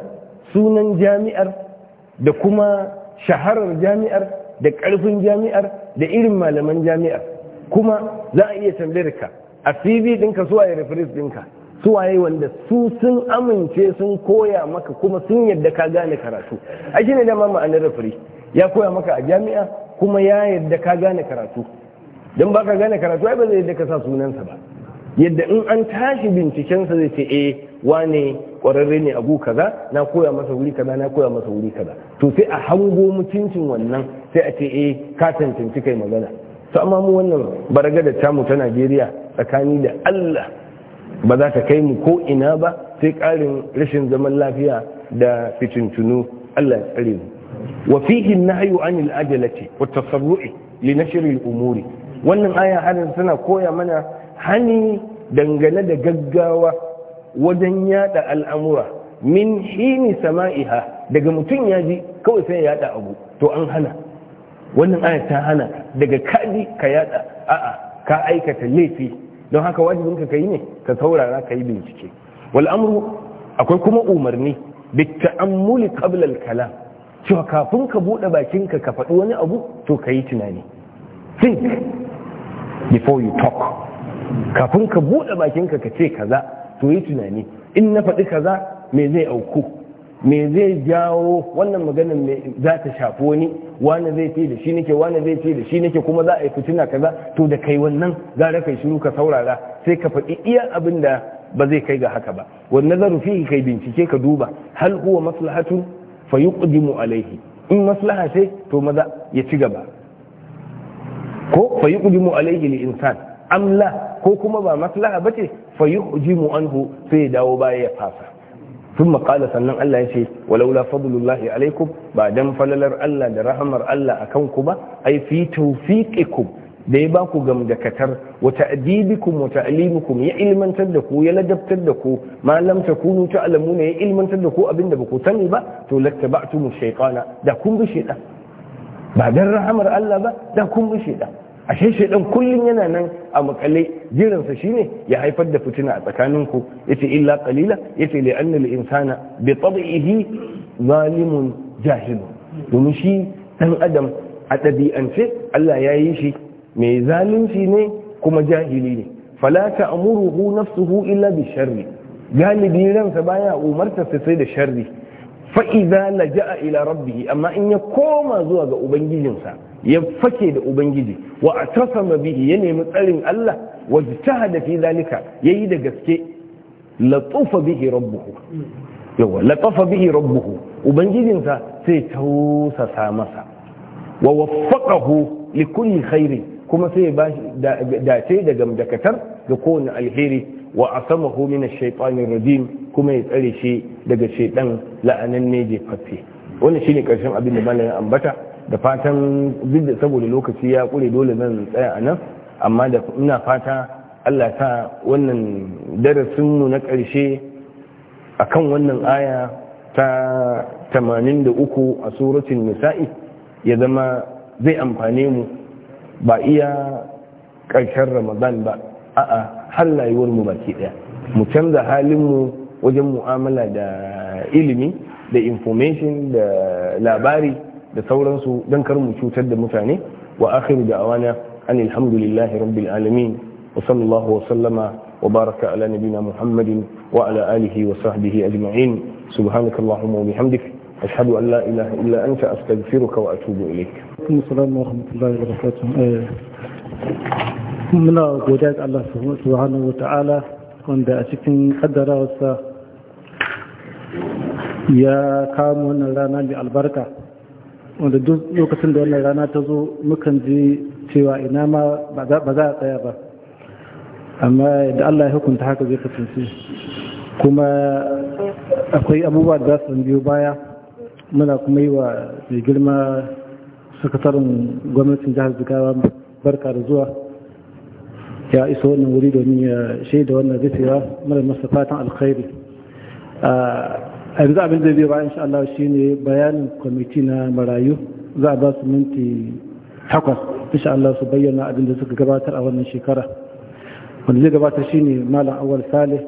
sunan jami'ar da kuma shaharar jami'ar da ƙarfin jami'ar da irin malaman jami'ar kuma za a iya tambayar ka a cv ɗinka suwaye dinka ɗinka suwaye wanda su sun amince sun koya maka kuma sun yadda ka gane karatu a shi ne dama ma'anar referee ya koya maka a jami'a kuma ya yadda ka gane karatu don ba ka gane karatu ai ba zai yadda ka sa sunansa ba yadda in an tashi bincikensa zai ce eh wane ƙwararre ne abu kaza na koya masa wuri kaza na koya masa wuri kaza to sai a hango mutuncin wannan sai a ce eh ka tantance kai magana to amma mu wannan baraga da tamu ta Najeriya tsakani da Allah ba za ta kai mu ko ina ba sai karin rashin zaman lafiya da fitintunu Allah ya tsare mu wa fihi nahyu anil ajalati wa tasarru'i li nashri al umuri wannan aya hadin tana koya mana hani dangane da gaggawa wajen yada al'amura min hini sama'iha daga mutum ya ji kawai sai yaɗa abu to an hana wannan ayat ta hana daga kadi ka yada a'a ka aikata laifi don haka wajibin ka yi ne ka saurara ka yi bincike wal amru akwai kuma umarni bi ta'ammuli qabla al kalam cewa kafin ka bude bakin ka faɗi wani abu to ka yi tunani think before you talk kafin ka bude bakinka ka ka ce kaza to yi tunani in na faɗi kaza me zai auku me zai jawo wannan maganin za ta shafi wani wani zai ce da shi nake wani zai ce da shi nake kuma za a yi fitina kaza to da kai wannan gara kai shiru ka saurara sai ka faɗi iya abin da ba zai kai ga haka ba wannan nazaru fihi kai bincike ka duba hal huwa maslahatun fa yuqdimu alaihi in maslaha sai to maza ya ci gaba ko fa yuqdimu alaihi li insan amla ko kuma ba maslaha bace fa yuqdimu anhu sai ya dawo baya ya fasa ثم قال sannan Allah yace walaula fadlullahi alaikum ba dan falalar Allah da rahamar Allah akan ku ba ai fi da ya ba ku gamdakatar wa ta'dibikum wa ya ilmantar da ku ya ladabtar da ku ma lam takunu ta'lamuna ya ilmantar da ku abinda ba ku sani ba to lattaba'tum shaytana da kun bi shaytan ba dan rahamar Allah ba da kun bi shaytan ashe shaidan kullum yana nan a makale jiransa shine ya haifar da fitina a tsakaninku yace illa qalila yace li anna al-insana bi tab'ihi zalimun jahil domin shi dan adam a ɗabi'ance Allah ya yi shi mai zalunci ne kuma jahili ne fala ta'muruhu nafsuhu illa bi sharri galibi ransa baya umarta sai da sharri fa idza laja'a ila rabbih amma in ya koma zuwa ga ubangijinsa ya fake da ubangiji wa atasama bihi ya nemi tsarin Allah wa jtahada fi zalika yayi da gaske latsufa bihi rabbuhu yawa latafa bihi rabbuhu ubangijinsa sai tausasa masa wa waffaqahu li kulli khairi kuma sai ya bashi dace da gamdakatar ga kowane alheri wa asamahu min ash-shaytanir rajim kuma ya tsare shi daga shaytan la'ananne jefaffe wannan shine karshen abin da malamin ambata da fatan duk da saboda lokaci ya kure dole zan tsaya a nan amma da ina fata Allah ta wannan darasinmu na ƙarshe akan wannan aya ta 83 a suratul nisa'i ya zama zai amfane mu ba iya ƙarshen ramadan ba a'a har layuwar mu baki daya mu canza halin mu wajen mu'amala da ilimi da information da labari da sauransu don kar mu cutar da mutane wa akhiru da awana an alhamdulillahi rabbil alamin wa sallallahu wa sallama wa baraka ala nabina muhammadin wa ala alihi wa sahbihi ajma'in subhanakallahumma wa bihamdik ashhadu an la ilaha illa anta astaghfiruka wa atubu ilayk assalamu alaikum wa rahmatullahi muna godiya ga Allah subhanahu wa ta'ala wanda a cikin kaddarawarsa ya kama wannan rana mai albarka wanda duk lokacin da wannan rana ta zo mukan ji cewa ina ma ba za a tsaya ba amma yadda Allah ya hukunta haka zai kasance kuma akwai abubuwa da za su biyo baya muna kuma yi wa mai girma sakataren gwamnatin jihar jigawa barka da zuwa ya iso wannan wuri domin ya shaida wannan zai mara masa fatan alkhairi ah, a yanzu abin da zai ba insha Allah shine bayanin kwamiti na marayu za a ba su minti takwas insha Allah su bayyana abin da suka gabatar a wannan shekara wanda zai gabatar shine malam awal salih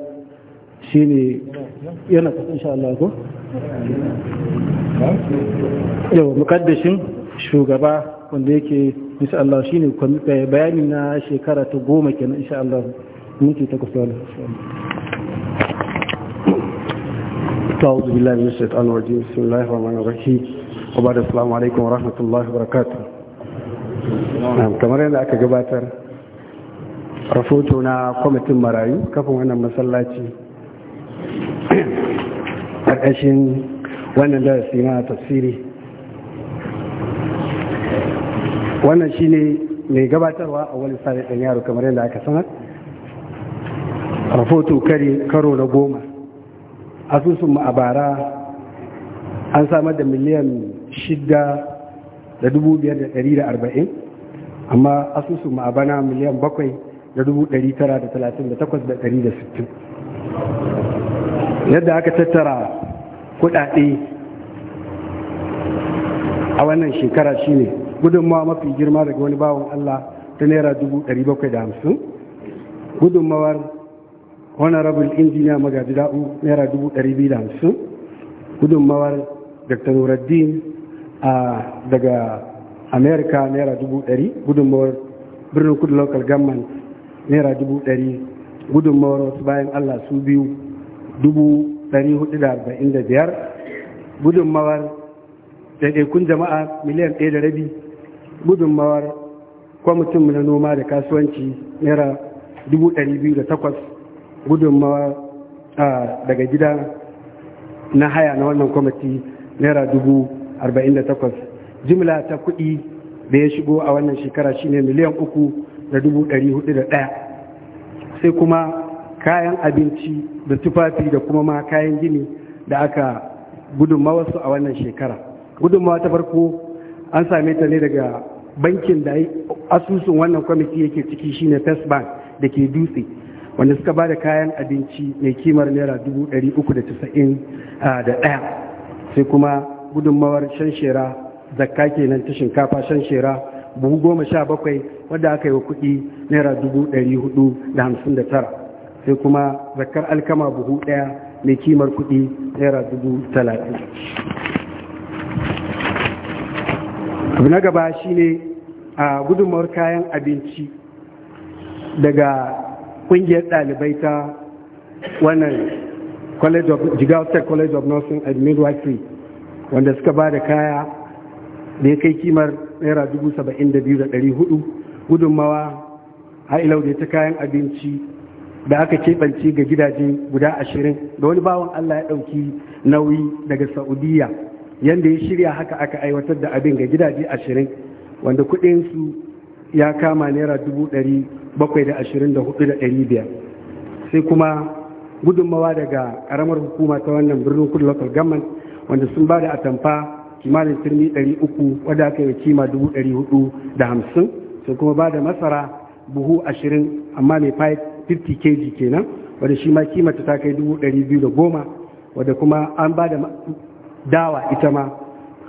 shine yana kusa insha Allah ko yau mukaddashin shugaba wanda yake insha Allah shine eh, bayanin na shekara ta goma kenan insha Allah minti takwas Ta'udhu billahi min shaitan wa rajim. aka gabatar na kwamitin marayu kafin wannan masallaci. Ƙarƙashin tafsiri. Wannan shi mai gabatarwa a wani sa'adin ɗan yaro kamar yadda sanar. Rahoto kare na goma. asusunmu a bara an samar da miliyan 6,540 da dubu biyar da da arba'in amma asusunmu a bana miliyan bakwai da dubu tara da talatin da takwas da da sittin yadda aka tattara kuɗaɗe a wannan shekara shine gudunmawa mafi girma daga wani bawan Allah ta naira dubu bakwai da hamsin gudunmawar honorable engineer magaji da'u naira 250 gudunmawar dr nuruddin daga america naira 100 gudunmawar birnin kudu local government naira 100 gudunmawar wasu bayan allah su biyu 445 gudunmawar daidaikun jama'a miliyan 1 da rabi gudunmawar kwamitin na noma da kasuwanci naira 208 gudunmawa daga gida na haya na wannan kwamiti naira dubu arba'in da takwas jimla ta kuɗi da ya shigo a wannan shekara shine miliyan uku da dubu ɗari hudu da ɗaya sai kuma kayan abinci da tufafi da kuma ma kayan gini da aka gudunmawa su a wannan shekara gudunmawa ta farko an same ta ne daga bankin da asusun wannan kwamiti yake ciki shine first bank da ke dutse wanda suka ba da kayan abinci mai kimar naira 391 sai kuma gudunmawar shanshera zakka nan ta shinkafa shanshera buhu goma sha bakwai wadda aka yi wa kuɗi naira 459 sai kuma zakkar alkama buhu ɗaya mai kimar kuɗi naira 30 abu na gaba shine a gudunmawar kayan abinci daga Kungiyar ɗalibai ta wannan college of jigawa college of nursing and midwifery wanda suka ba da kaya da ya kai kimar naira dubu saba'in da biyu da gudunmawa ha'ilau ta kayan abinci da aka keɓance ga gidaje guda ashirin da wani bawan allah ya ɗauki nauyi daga saudiya yadda ya shirya haka aka aiwatar da abin ga gidaje ashirin wanda su. ya kama naira dubu bakwai da ashirin da hudu da ɗari biyar sai kuma gudunmawa daga ƙaramar hukuma ta wannan birnin kudu local government wanda sun ba da atamfa kimanin turmi 300 uku wadda aka yi kima dubu hudu da hamsin sai kuma ba da masara buhu ashirin amma mai 50 kg kenan wadda shi ma kimata ta kai dubu biyu da goma wadda kuma an ba da dawa ita ma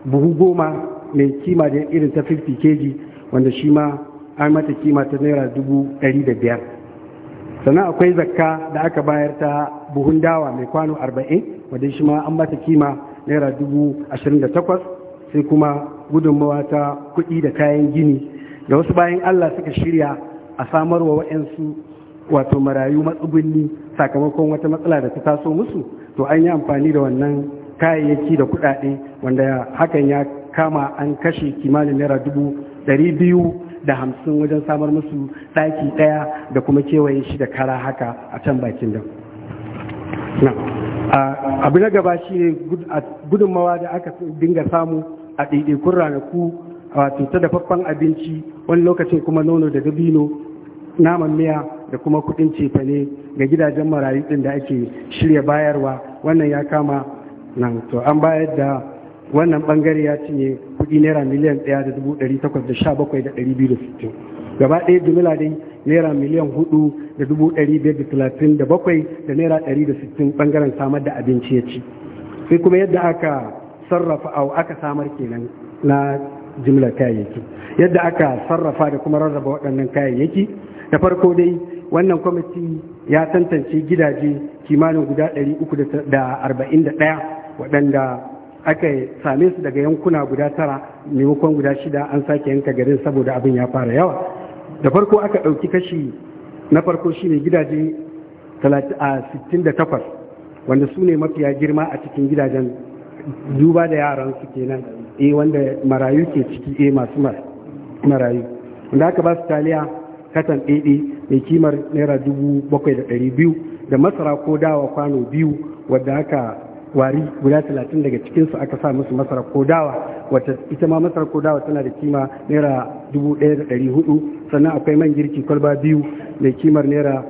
buhu goma mai kima da irin ta 50 kg wanda shi ma an mata kima ta naira dubu ɗari da biyar sannan akwai zakka da aka bayar ta buhun dawa mai kwano arba'in wadda shi ma an mata kima naira dubu ashirin da takwas sai kuma gudunmawa ta kuɗi da kayan gini da wasu bayan allah suka shirya a samarwa waɗansu wato marayu matsugunni sakamakon wata matsala da ta taso musu to an yi amfani da wannan kayayyaki da kuɗaɗe wanda hakan ya kama an kashe kimanin naira dubu ɗari biyu da hamsin wajen samar musu ɗaki ɗaya da kuma kewaye shi da kara haka a can bakin da abu na gaba shi ne gudunmawa da aka dinga samu a ɗaiɗaikun ranaku wato ta dafaffen abinci wani lokacin kuma nono da dabino naman miya da kuma kuɗin cefane ga gidajen marayu ɗin da ake shirya bayarwa wannan ya kama nan to an bayar da wannan ɓangare ya cinye kuɗi naira miliyan 1,817,260 gaba ɗaya jimila dai naira miliyan 4,537 da naira 160 ɓangaren samar da abinci ya ci sai kuma yadda aka sarrafa au aka samar kenan na jimla kayayyaki yadda aka sarrafa da kuma rarraba waɗannan kayayyaki da farko dai wannan kwamiti ya tantance gidaje kimanin guda 341 waɗanda aka same su daga yankuna guda tara maimakon guda shida an sake yanka garin saboda abin ya fara yawa da farko aka ɗauki kashi na farko shine gidaje 68 wanda su ne mafiya girma a cikin gidajen duba da yaran su kenan eh wanda marayu ke ciki eh masu marayu wanda aka ba su taliya katan ɗaiɗe mai kimar naira dubu bakwai da ɗari biyu da masara ko dawa kwano biyu wadda aka wari guda talatin daga cikinsu aka sa musu masara kodawa wata ita ma masara kodawa tana da kima naira dubu ɗaya da ɗari hudu sannan akwai man girki kwalba biyu mai kimar naira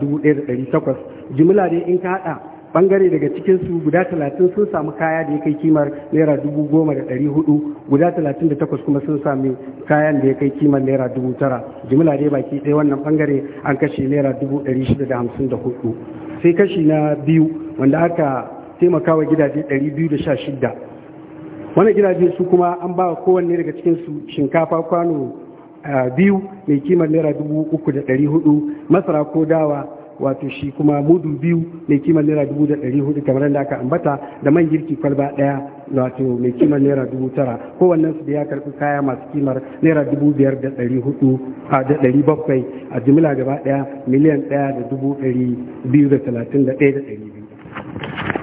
dubu ɗaya da ɗari takwas jimila dai in ka haɗa bangare daga cikinsu guda talatin sun samu kaya da ya kai kimar naira dubu goma da ɗari hudu guda talatin da takwas kuma sun sami kayan da ya kai kimar naira dubu tara jimila dai baki ɗaya wannan bangare an kashe naira dubu ɗari shida da hamsin da hudu sai kashi na biyu wanda aka taimakawa gidaje 216 wani gidaje su kuma an ba kowanne daga cikinsu shinkafa kwano biyu mai kimar naira 3,400 masara ko dawa wato shi kuma mudu biyu mai kimar naira 4,400 kamar da aka ambata da man girki kwalba daya wato mai kimar naira 9,000 kowannen su da ya karbi kaya masu kimar naira 5,700 a jimila gaba daya miliyan 1,231,200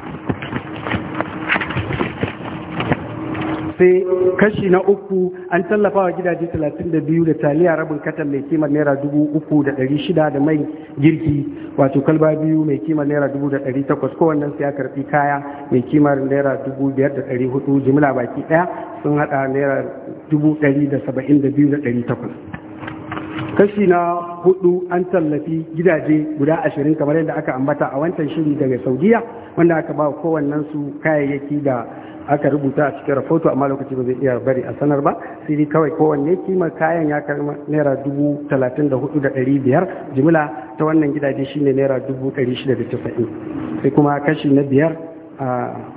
sai kashi na uku an tallafa wa gidaje 32 da taliya rabin katan mai kimar naira 3,600 da mai girki wato kalba biyu mai kimar naira 8,800 kowannen sai ya karfi kaya mai kimar naira 5,400 jimla baki daya sun hada naira 1,072,800 kashi na hudu an tallafi gidaje guda ashirin kamar yadda aka ambata a wancan shiri daga saudiya wanda aka ba kowannen su kayayyaki da aka rubuta a cikin rahoto amma lokaci ba zai iya bari a sanar ba sai dai kawai kowanne kimar kayan ya karɓi naira dubu talatin da hudu da ɗari biyar jimila ta wannan gidaje shine naira dubu ɗari shida da casa'in sai kuma kashi na biyar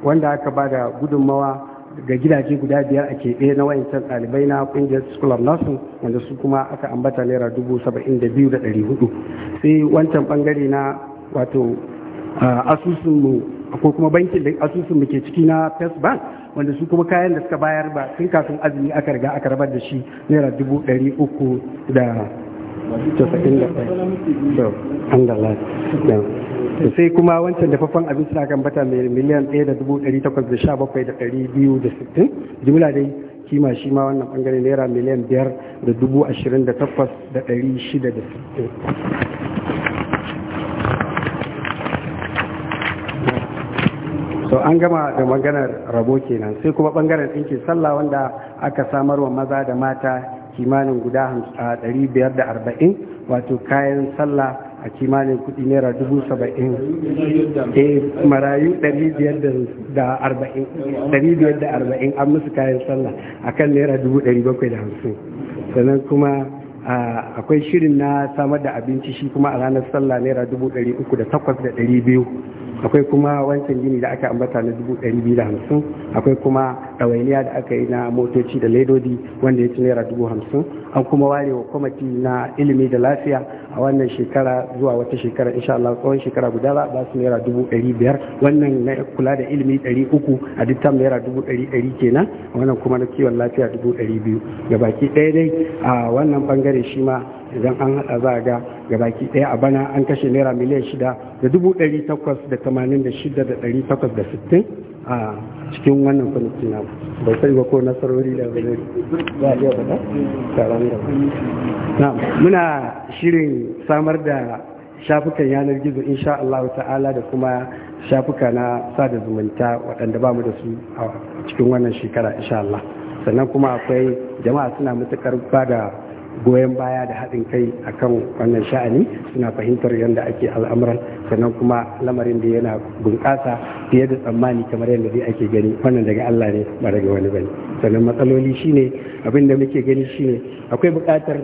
wanda aka ba da gudunmawa ga gidaje guda biyar a keɓe na can ɗalibai na ƙungiyar school of nursing wanda su kuma aka ambata naira dubu saba'in da biyu da ɗari hudu sai wancan ɓangare na wato asusunmu ko kuma bankin da asusunmu ke ciki na first bank wanda su kuma kayan da suka bayar ba tun kafin azumi aka riga aka rabar da shi naira dubu ɗari uku da sai kuma wancan dafaffen abinci na kan bata mai miliyan 1,817,260 jimla dai kima shi ma wannan bangare naira miliyan sittin. so an gama da maganar rabo kenan sai kuma bangaren ɗinkin sallah wanda aka samarwa maza da mata kimanin guda 540 wato kayan sallah a kimanin kudi naira dubu saba'in a eh, marayu ɗari biyar da arba'in an musu kayan sallah a kan naira dubu ɗari bakwai da hamsin sannan kuma akwai shirin na samar da abinci shi kuma a ranar sallah naira dubu ɗari uku da takwas da ɗari biyu akwai kuma wancan gini da aka ambata na dubu ɗari biyu da hamsin akwai kuma ɗawainiya da aka yi na motoci da ledodi wanda ya ci naira dubu hamsin an kuma ware wa kwamati na ilimi da lafiya a wannan shekara zuwa wata shekara insha Allah tsawon shekara guda ba ba su naira dubu ɗari wannan na kula da ilimi ɗari a duk tam naira dubu ɗari kenan wannan kuma na kiwon lafiya dubu biyu ga baki ɗaya dai a wannan bangare shi ma idan an hada za ga gabaki ɗaya a bana an kashe naira miliyan shida da dubu ɗari takwas da tamanin da shida da ɗari takwas da sittin a cikin wannan kwamiti na bai sai ba ko nasarori da zai za a iya faɗa taron da na muna shirin samar da shafukan yanar gizo insha Allah ta'ala da kuma shafuka na sada zumunta waɗanda ba mu da su a cikin wannan shekara insha Allah sannan kuma akwai jama'a suna matuƙar ba da goyon baya da haɗin kai a kan wannan sha'ani suna fahimtar yadda ake al'amuran sannan kuma lamarin da yana bunƙasa fiye da tsammani kamar yadda dai ake gani wannan daga Allah ne ba daga wani bane sannan matsaloli shine abin da muke gani shine akwai buƙatar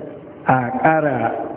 a ƙara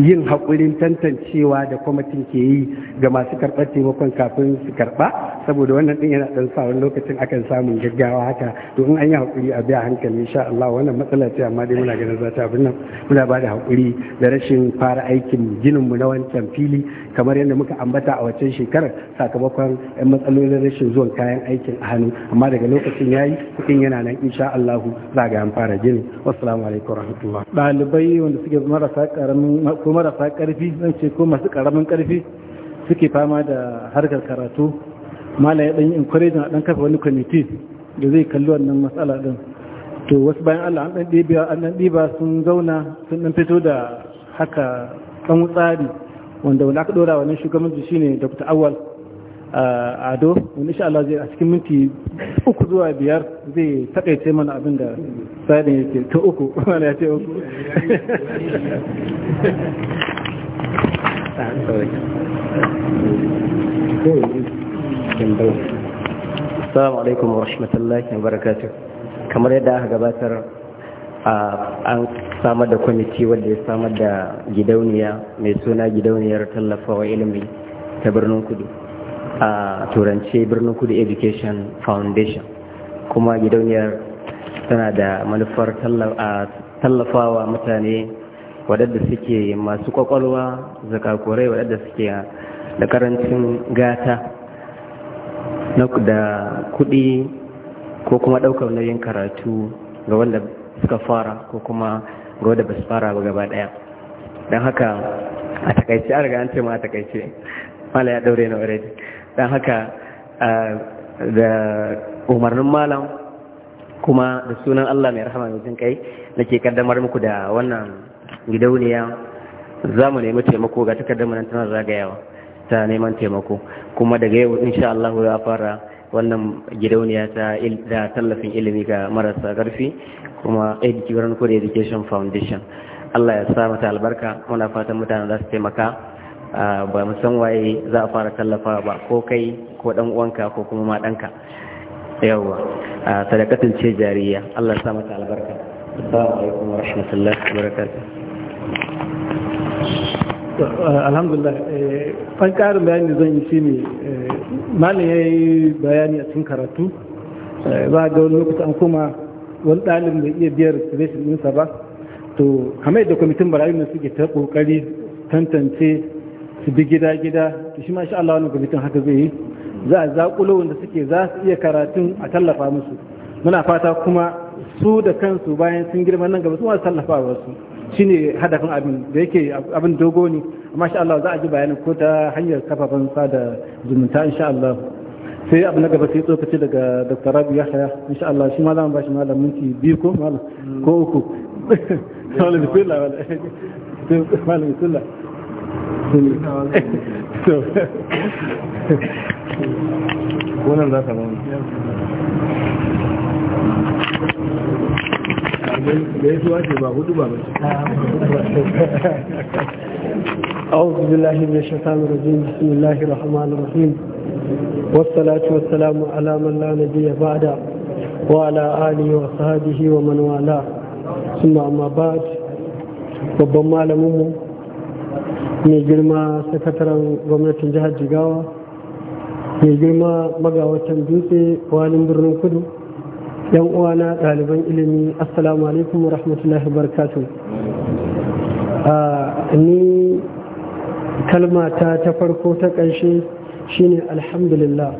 yin haƙurin tantancewa da kwamitin ke yi ga masu karɓar taimakon kafin su karɓa saboda wannan ɗin yana ɗan sa wani lokacin akan samun gaggawa haka to in an yi haƙuri a biya hankali insha Allah wannan matsala ce amma dai muna ganin za ta abin nan muna ba da haƙuri da rashin fara aikin ginin mu na wancan fili kamar yadda muka ambata a waccan shekarar sakamakon yan matsalolin rashin zuwan kayan aikin a hannu amma daga lokacin ya yayi kuɗin yana nan insha Allah za ga an fara gini wassalamu alaikum warahmatullahi ɗalibai wanda suke marasa ƙaramin ko marasa karfi zan ce ko masu karamin karfi suke fama da harkar karatu mala ya ɗanyi encouraging a ɗan kafa wani kwamiti da zai kalli wannan matsala ɗin to wasu bayan allah an ɗan ɗiba sun zauna sun ɗan fito da haka ɗan tsari wanda wani aka ɗora wannan shugabanci shine dr awal ah, ado wani insha allah zai a cikin minti uku zuwa biyar zai takaice mana abin da sadin yake ta uku wani ya ce uku salamu alaikum wa rahmatullahi wa barakatu. kamar yadda aka gabatar an samar da kwamiti wadda ya samar da gidauniya mai suna gidauniyar tallafawa ilimi ta birnin kudu a turance birnin kudu education foundation kuma gidauniyar tana da manufar tallafawa mutane waɗanda suke masu kwakwalwa zakakurai waɗanda suke da karancin gata da kuɗi ko kuma ɗaukar nauyin karatu ga wanda suka fara ko kuma ga wanda ba fara ba gaba daya don haka a takaice a riga an ce ma a takaice mala ya daure na already dan haka da umarnin malam kuma da sunan Allah mai rahama mai jin kai nake kaddamar muku da wannan gidauniya za mu nemi taimako ga takardar nan tana zagayawa ta neman taimako kuma daga yau insha Allah za fara wannan gidauniya ta da tallafin ilimi ga marasa karfi kuma Education Foundation Allah ya sa mata albarka muna fatan mutane za su taimaka ba mu san waye za a fara tallafa ba ko kai ko dan uwanka ko kuma ma danka yawwa sadakatin ce jariya Allah ya sa mata albarka assalamu alaikum wa rahmatullahi wa barakatuh alhamdulillah fan eh, karin bayani zan yi shine eh, malam yayi bayani a cikin karatu ba eh, ga wani lokaci an kuma wani ɗalibin bai iya biyar reservation ɗinsa ba to kamar yadda kwamitin barayin suke ta ƙoƙari tantance su bi gida-gida to shi ma shi Allah wani kwamitin haka zai yi za a zaƙulo wanda suke za su iya karatun a tallafa musu muna fata kuma su da kansu bayan sun girma nan gaba su ma tallafa wa wasu shine hadafin abin da yake abin dogo ne amma shi Allah za a ji bayanin ko ta hanyar kafafen sada zumunta insha Allah sai abu na gaba sai tsokaci daga Dr. Rabi Yahya insha Allah shi ma za mu bashi malam minti biyu ko malam ko uku malam bismillah malam bismillah أعوذ بالله من الشيطان الرجيم بسم الله الرحمن الرحيم والصلاة والسلام على من لا نبي بعد وعلى آله وصحبه ومن والاه ثم أما بعد ربما malaminmu mai girma sakataren gwamnatin jihar jigawa mai girma magawatan dutse walin birnin kudu yan uwana ɗaliban ilimi assalamu alaikum wa rahmatullahi barkatu ni kalmata ta farko ta ƙarshe shine alhamdulillah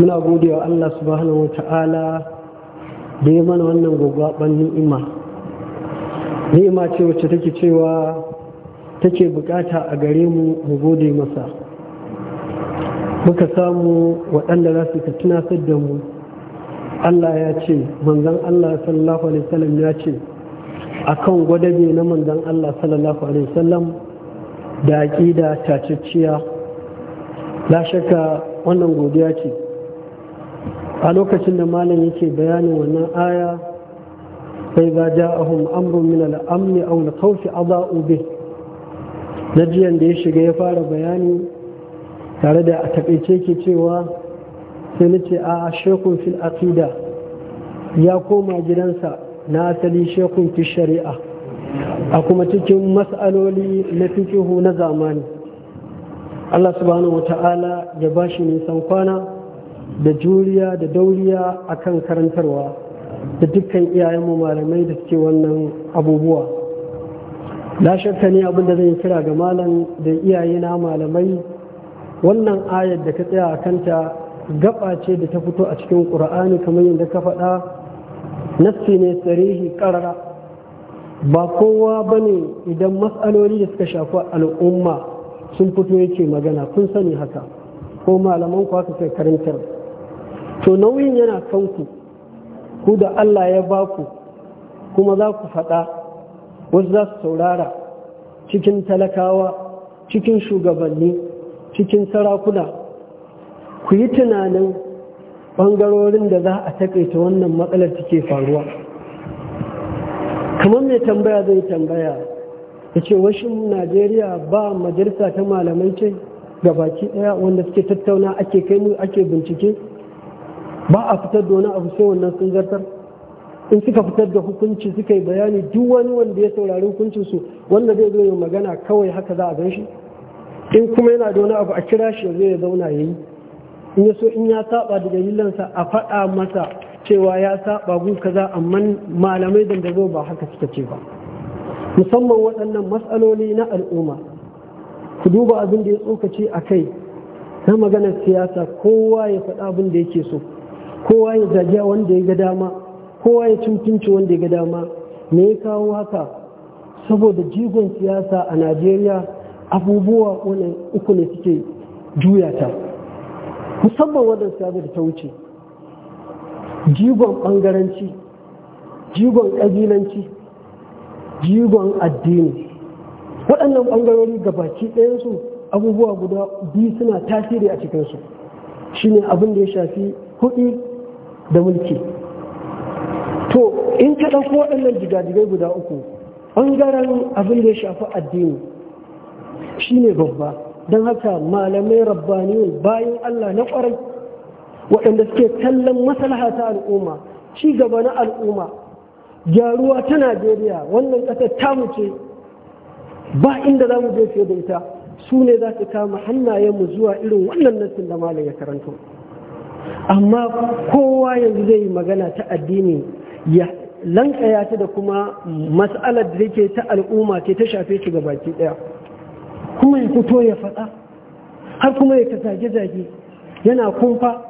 muna gode wa allah subhanahu wa ta'ala da ya mana wannan gogbaban ni'ima ni'ima ce wacce take cewa take bukata a gare mu mu gode masa muka samu waɗanda za su ka tunasar da mu Allah ya ce manzan Allah sallallahu alaihi wasallam ya ce A kan gwadabe na manzan Allah sallallahu alaihi wasallam da aƙida tacicciya la shakka wannan godiya ce a lokacin da malam yake bayanin wannan aya sai ba ja'ahum amrun min al a aw al-khawfi adha'u bih na jiyan da ya shiga ya fara bayani tare da a takaice ke cewa sai na ce a shekun fil aqida ya koma gidansa na asali shekun fil shari'a a kuma cikin matsaloli na fikihu na zamani Allah subhanahu wata'ala ya ba shi nisan kwana da juriya da dauriya akan karantarwa da dukkan iyayenmu malamai da suke wannan abubuwa la shakka ne abin da zan yi kira ga malam da iyaye na malamai wannan ayar da ka tsaya a kanta gaba ce da ta fito a cikin ƙura'ani kamar yadda ka faɗa nassi ne tsarihi ƙarara ba kowa ba ne idan matsaloli da suka shafi al'umma sun fito yake magana kun sani haka ko malaman ku haka karantar to nauyin yana kanku ku da allah ya baku kuma za ku faɗa wasu za su saurara cikin talakawa cikin shugabanni cikin sarakuna ku yi tunanin ɓangarorin da za a takaita wannan matsalar take faruwa kamar mai tambaya zai tambaya da ce washin najeriya ba majalisa ta malamai ce ga baki ɗaya wanda suke tattauna ake kai ake bincike ba a fitar da wani abu sai wannan sun zartar in suka fitar da hukunci suka yi bayani duk wani wanda ya saurari su. wanda zai zo yi magana kawai haka za a gan shi in kuma yana da wani abu a kira shi yanzu ya zauna ya yi in ya so in ya saba da dalilansa a faɗa masa cewa ya saba gu kaza amma malamai da zo ba haka suka ce ba musamman waɗannan matsaloli na al'umma ku duba abin da ya tsokace a kai na maganar siyasa kowa ya faɗa abin da yake so kowa ya zagi wanda ya ga dama kowa ya cincinci wanda ya ga dama me ya kawo haka saboda jigon siyasa a najeriya abubuwa wani uku ne suke juyata. ta musamman wannan siyasa da ta wuce jigon ɓangaranci jigon ƙabilanci jigon addini waɗannan ɓangarori gabaki ɗayansu abubuwa guda biyu suna tasiri a cikinsu shine abin da ya shafi kuɗi da mulki to in ka ɗauko waɗannan digadigai guda uku ɓangaren abin da ya shafi addini shi ne babba don haka malamai rabbaniyun bayan Allah na ƙwarai waɗanda suke kallon masalaha ta al'umma ci gaba na al'umma gyaruwa ta najeriya wannan ƙasar tamu ce ba inda za mu je fiye da ita su ne za su kama hannayenmu zuwa irin wannan nassin da malam ya karanto amma kowa yanzu zai yi magana ta addini ya lankaya ta da kuma matsalar da yake ta al'umma ke ta shafe shi gabaki daya kuma ya fito ya faɗa har kuma ya zage-zage yana kumfa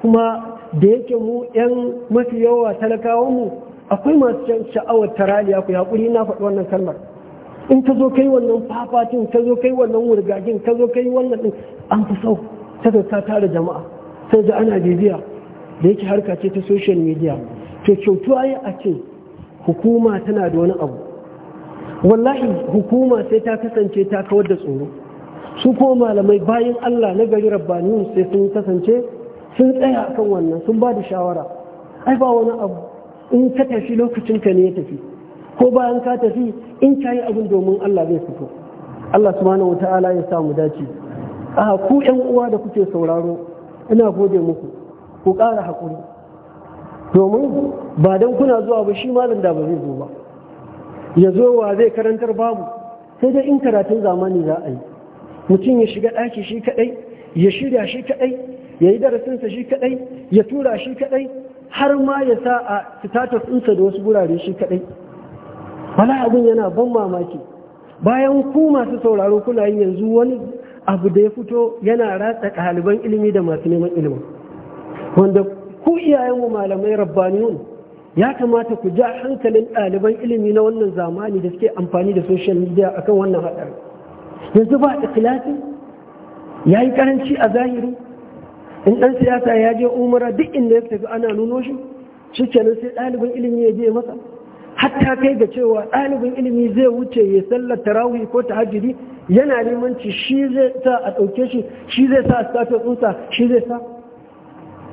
kuma da yake mu 'yan mafi yawa talakawan mu akwai masu sha'awar taraliya ku hakuri na faɗi wannan kalmar in ka zo kai wannan fafatin ka zo kai wannan wurgajin ka zo kai wannan ɗin an fi sau ta ta tara jama'a sai da ana bibiya da yake harkace ta social media to kyautuwa ya a ce hukuma tana da wani abu wallahi hukuma sai ta kasance ta kawar da tsoro su ko malamai bayan Allah na gari rabbaniyun sai sun kasance sun tsaya kan wannan sun ba da shawara ai ba wani abu in ka tafi lokacin ka ne ya tafi ko bayan ka tafi in ka yi abin domin Allah zai fito Allah subhanahu wata'ala ya samu dace a ku yan uwa da kuke sauraro ina gode muku ku ƙara haƙuri domin ba don kuna zuwa ba shi malam da ba zai zo ba ya zo wa zai karantar babu sai dai in karatun zamani za a yi mutum ya shiga ɗaki shi kaɗai ya shirya shi kaɗai ya yi darasinsa shi kaɗai ya tura shi kaɗai har ma ya sa a fitatar ɗinsa da wasu gurare shi kaɗai wala abin yana ban mamaki bayan ku masu sauraro kuna yin yanzu wani abu da ya fito yana ratsa ɗaliban ilimi da masu neman ilimin wanda ku iyayenmu malamai rabbaniyun ya kamata ku ja hankalin ɗaliban ilimi na wannan zamani da suke amfani da social media akan wannan haɗari yanzu ba ikilasi ya yi karanci a zahiri in ɗan siyasa ya je umara duk inda ya tafi ana nuno shi shi kenan sai ɗaliban ilimi ya je masa hatta kai ga cewa ɗaliban ilimi zai wuce ya sallar tarawih ko ta yana limanci shi zai sa a ɗauke shi shi zai sa a status ɗinsa shi zai sa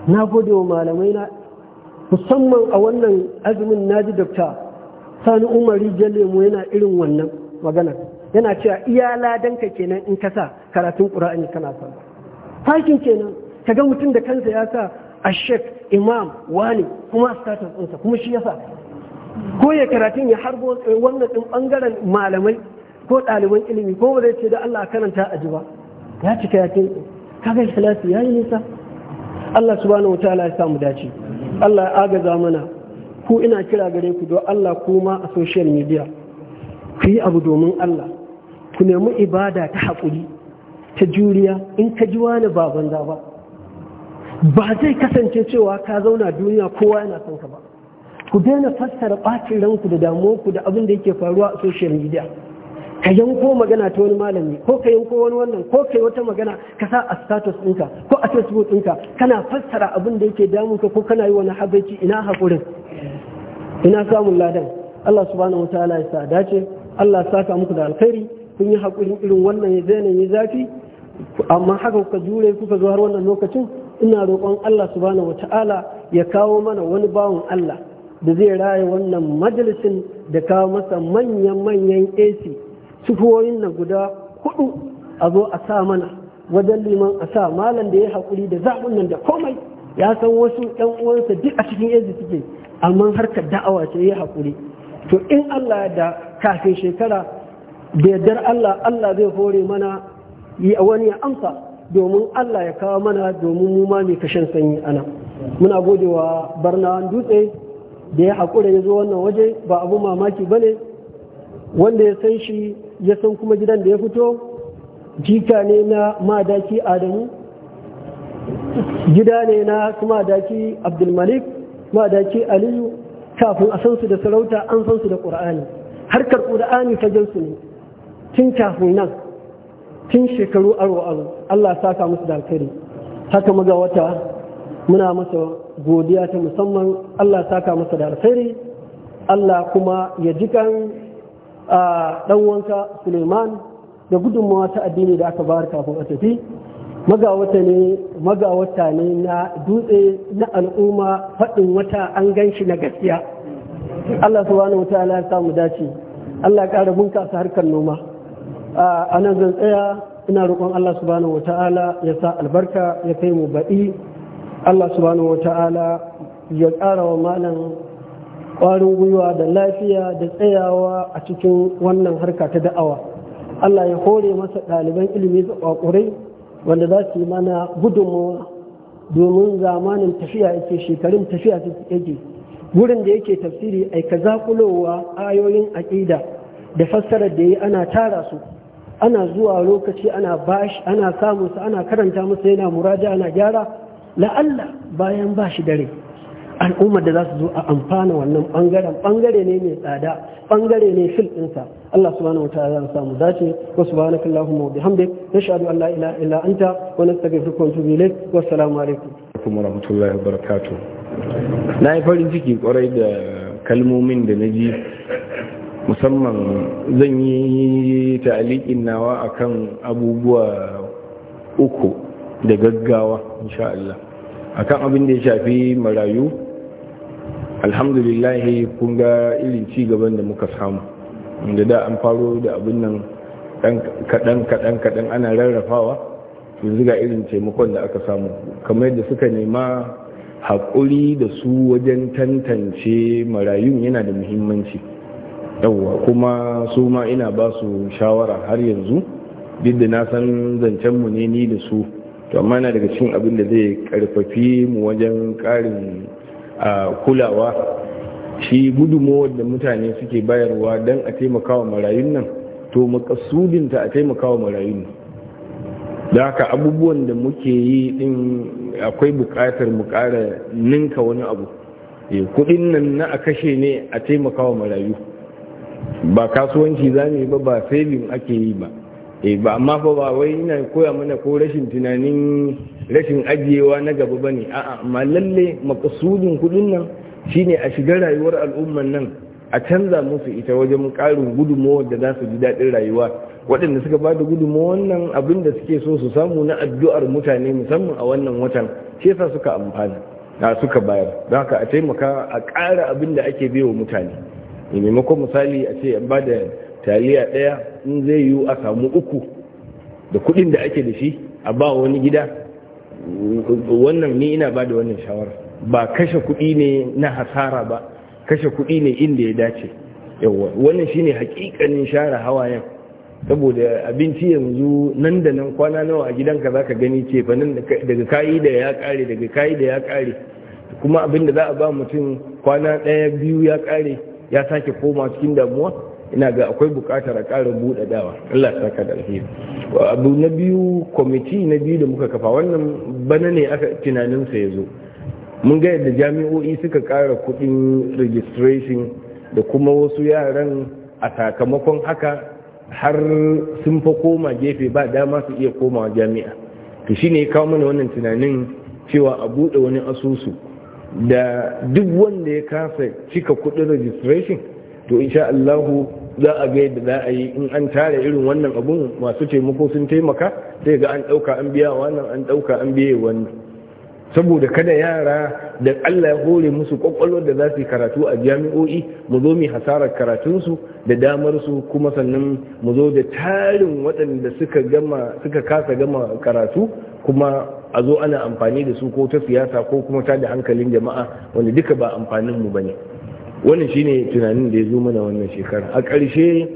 na gode wa malamai na musamman a wannan azumin na ji dokta sani umari lemo yana irin wannan magana yana cewa iya ladanka kenan in ka sa karatun ƙura'ani kana sallah fakin kenan ka ga mutum da kansa ya sa a shek imam wani kuma status ɗinsa kuma shi ya sa ko ya karatun ya harbo eh, wannan ɗin ɓangaren malamai ko ɗaliban ilimi ko ba ce da Allah karanta a ji ba ya cika ya kai kaga ya yi nisa Allah subhanahu wataala ya sa mu dace Allah ya agaza mana ku ina kira gare ku don Allah kuma a social media ku yi abu domin Allah ku nemi ibada ta haƙuri ta juriya in ka ji wani ba banza ba ba zai kasance cewa ka zauna duniya kowa yana son ka ba ku daina fassara ɓacin ranku da damuwarku da abin da yake faruwa a social media ka yanko magana ta wani malami ko ka yanko wani wannan ko ka wata magana ka sa a status ɗinka ko a facebook ɗinka kana fassara abin da yake damun ka ko kana yi wani habaici ina haƙurin ina samun ladan Allah subhanahu wa ta'ala ya sa dace Allah saka muku da alkhairi kun yi haƙurin irin wannan ya zai yi zafi amma haka kuka jure kuka zo har wannan lokacin ina roƙon Allah subhanahu wata'ala ya kawo mana wani bawan Allah da zai raya wannan majalisin da kawo masa manyan manyan AC sifoyin na guda hudu a zo a sa mana wajen liman a sa malam da ya haƙuri da zaɓin nan da komai ya san wasu ɗan uwansa duk a cikin yanzu suke amma harkar da'awa ce ya haƙuri to in Allah da kafin shekara da yardar Allah Allah zai hore mana wani ya amsa domin Allah ya kawo mana domin mu ma mai kashen sanyi ana muna gode wa barna dutse da ya haƙura ya zo wannan waje ba abu mamaki ba ne wanda ya san shi ya san kuma gidan da ya fito jika ne na madaki adamu gida ne na su madaki abdulmalik madaki aliyu kafin a san su da sarauta an san su da ƙura'ani harkar ƙura'ani fagensu ne tun kafin nan tun shekaru aro-aro allah saka musu da alkari haka maga wata muna masa godiya ta musamman allah saka masa da alkari allah kuma ya jikan a wanka Suleiman da gudunmawa ta addini da aka bayar kafin a tafi magawata ne ne na dutse na al'umma faɗin wata an gan shi na gaskiya Allah subhanahu wa ta'ala ya samu dace Allah ƙara bunƙasa harkar noma a nan zan tsaya ina roƙon Allah subhanahu wa ta'ala ya sa albarka ya kai mu baɗi Allah subhanahu wa ta'ala ya ƙara wa malam ƙwarin gwiwa da lafiya da tsayawa a cikin wannan harka ta da'awa Allah ya hore masa ɗaliban ilimi ga ƙwaƙurai wanda za su yi mana gudunmawa domin zamanin tafiya yake shekarun tafiya su yake wurin da yake tafsiri ai ka zakulowa ayoyin aƙida da fassarar da yi ana tara su ana zuwa lokaci ana bashi ana samun su ana karanta musu yana muraja ana gyara la'alla bayan bashi dare al'ummar da za su zo a amfana wannan bangaren bangare ne mai tsada bangare ne fil ɗinsa Allah subhanahu wa ta'ala ya samu dace wa subhanaka allahumma wa bihamdik nashhadu an la ilaha illa anta wa nastaghfiruka wa natubu ilayk wa assalamu alaikum wa rahmatullahi wa barakatuh na yi farin ciki kwarai da kalmomin da na ji musamman zan yi ta'aliƙin nawa akan abubuwa uku da gaggawa insha Allah akan abin da ya shafi marayu alhamdulillahi kun ga irin ci gaban da muka samu inda da an faro da abin nan kaɗan kaɗan kaɗan ana rarrafawa yanzu ga irin taimakon da aka samu kamar yadda suka nema haƙuri da su wajen tantance marayun yana da muhimmanci yawwa kuma su ma ina ba su shawara har yanzu duk da na san zancenmu ne ni da su to amma na daga cikin abin da zai karfafi mu wajen ƙarin A kulawa shi gudunmowar da mutane suke bayarwa don a taimakawa marayun nan to makasudinta a taimakawa marayun da haka abubuwan da muke yi din akwai bukatar mu ƙara ninka wani abu eh, kudin nan na a kashe ne a taimakawa marayu ba kasuwanci za ba ba saving ake yi ba e ba amma fa ba wai ina koya mana ko rashin tunanin rashin ajiyewa na gaba bane a'a amma lalle makasudin kudin nan shine a shiga rayuwar al'umman nan a canza musu ita wajen karin gudunmuwa da za su ji daɗin rayuwa waɗanda suka ba da gudunmuwa wannan abin da suke so su samu na addu'ar mutane musamman a wannan watan shi yasa suka amfana na suka bayar don haka a taimaka a ƙara abin da ake biyo mutane maimakon misali a ce ba da taliya ɗaya in zai yiwu a samu uku da kuɗin da ake da shi a ba wani gida wannan ni ina ba da wannan shawara ba kashe kuɗi ne na hasara ba kashe kuɗi ne inda ya dace yawon wannan shine hakikanin share hawayen saboda abinci yanzu nan da nan kwana nawa a gidanka za ka gani ce fanin daga kayi da ya kare daga kayi da ya kare kuma abinda za a ba mutum kwana ɗaya biyu ya kare ya sake koma cikin damuwa ina ga akwai bukatar a ƙara buɗe dawa Allah ya saka da alheri abu na biyu kwamiti na biyu da muka kafa wannan bana ne aka tunanin sa yazo mun ga yadda jami'o'i suka ƙara kuɗin registration da kuma wasu yaran a sakamakon haka har sun fa koma gefe ba dama su iya koma jami'a to shine ya kawo mana wannan tunanin cewa a buɗe wani asusu da duk wanda ya kasa cika kuɗin registration to insha Allah za a ga yadda za a yi in an tare irin wannan abun masu taimako sun taimaka sai ga an ɗauka an biya wannan an ɗauka an biye wannan saboda kada yara da Allah ya hore musu kwakwalwar da za su yi karatu a jami'o'i mu zo mu hasarar karatunsu da damarsu kuma sannan mu zo da tarin waɗanda suka gama suka kasa gama karatu kuma a zo ana amfani da su ko ta siyasa ko kuma ta da hankalin jama'a wanda duka ba amfanin mu bane wannan shine tunanin da ya zo mana wannan shekara a ƙarshe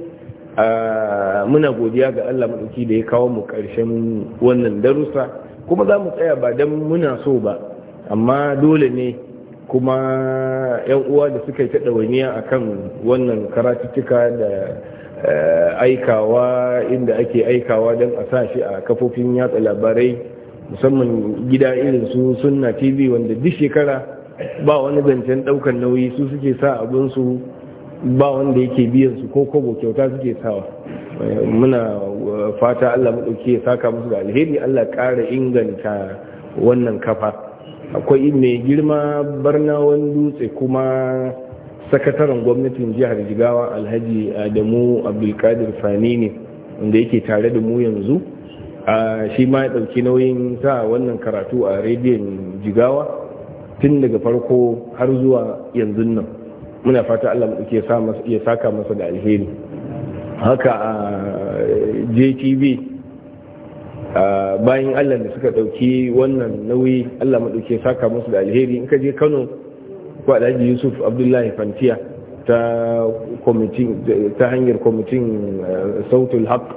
muna godiya ga Allah maɗauki da ya kawo mu ƙarshen wannan darussa kuma za mu tsaya ba don muna so ba amma dole ne kuma yan uwa da suka yi ta ɗawainiya a kan wannan karatuttuka da e, aikawa inda ake aikawa don a sa shi a kafofin yatsa labarai musamman gida irin su sunna tv wanda duk shekara ba wani zancen ɗaukar nauyi su suke sa abinsu ba wanda yake biyan su ko kobo kyauta suke sawa muna uh, fata Allah maɗauki ya saka musu da alheri Allah ƙara inganta wannan kafa akwai mai girma barnawan dutse kuma sakataren gwamnatin jihar jigawa alhaji adamu abdulkadir fani ne wanda yake tare da mu yanzu uh, shi ma ya ɗauki nauyin sa wannan karatu a rediyon jigawa tun daga farko har zuwa yanzu nan muna fata Allah muke ya saka masa da alheri haka a eh, JTV bayan Allah da suka dauki wannan nauyi Allah maɗauki ya saka masa da alheri in ka je Kano ko Alhaji Yusuf Abdullahi Fantiya ta hanyar kwamitin eh, Sautul Haq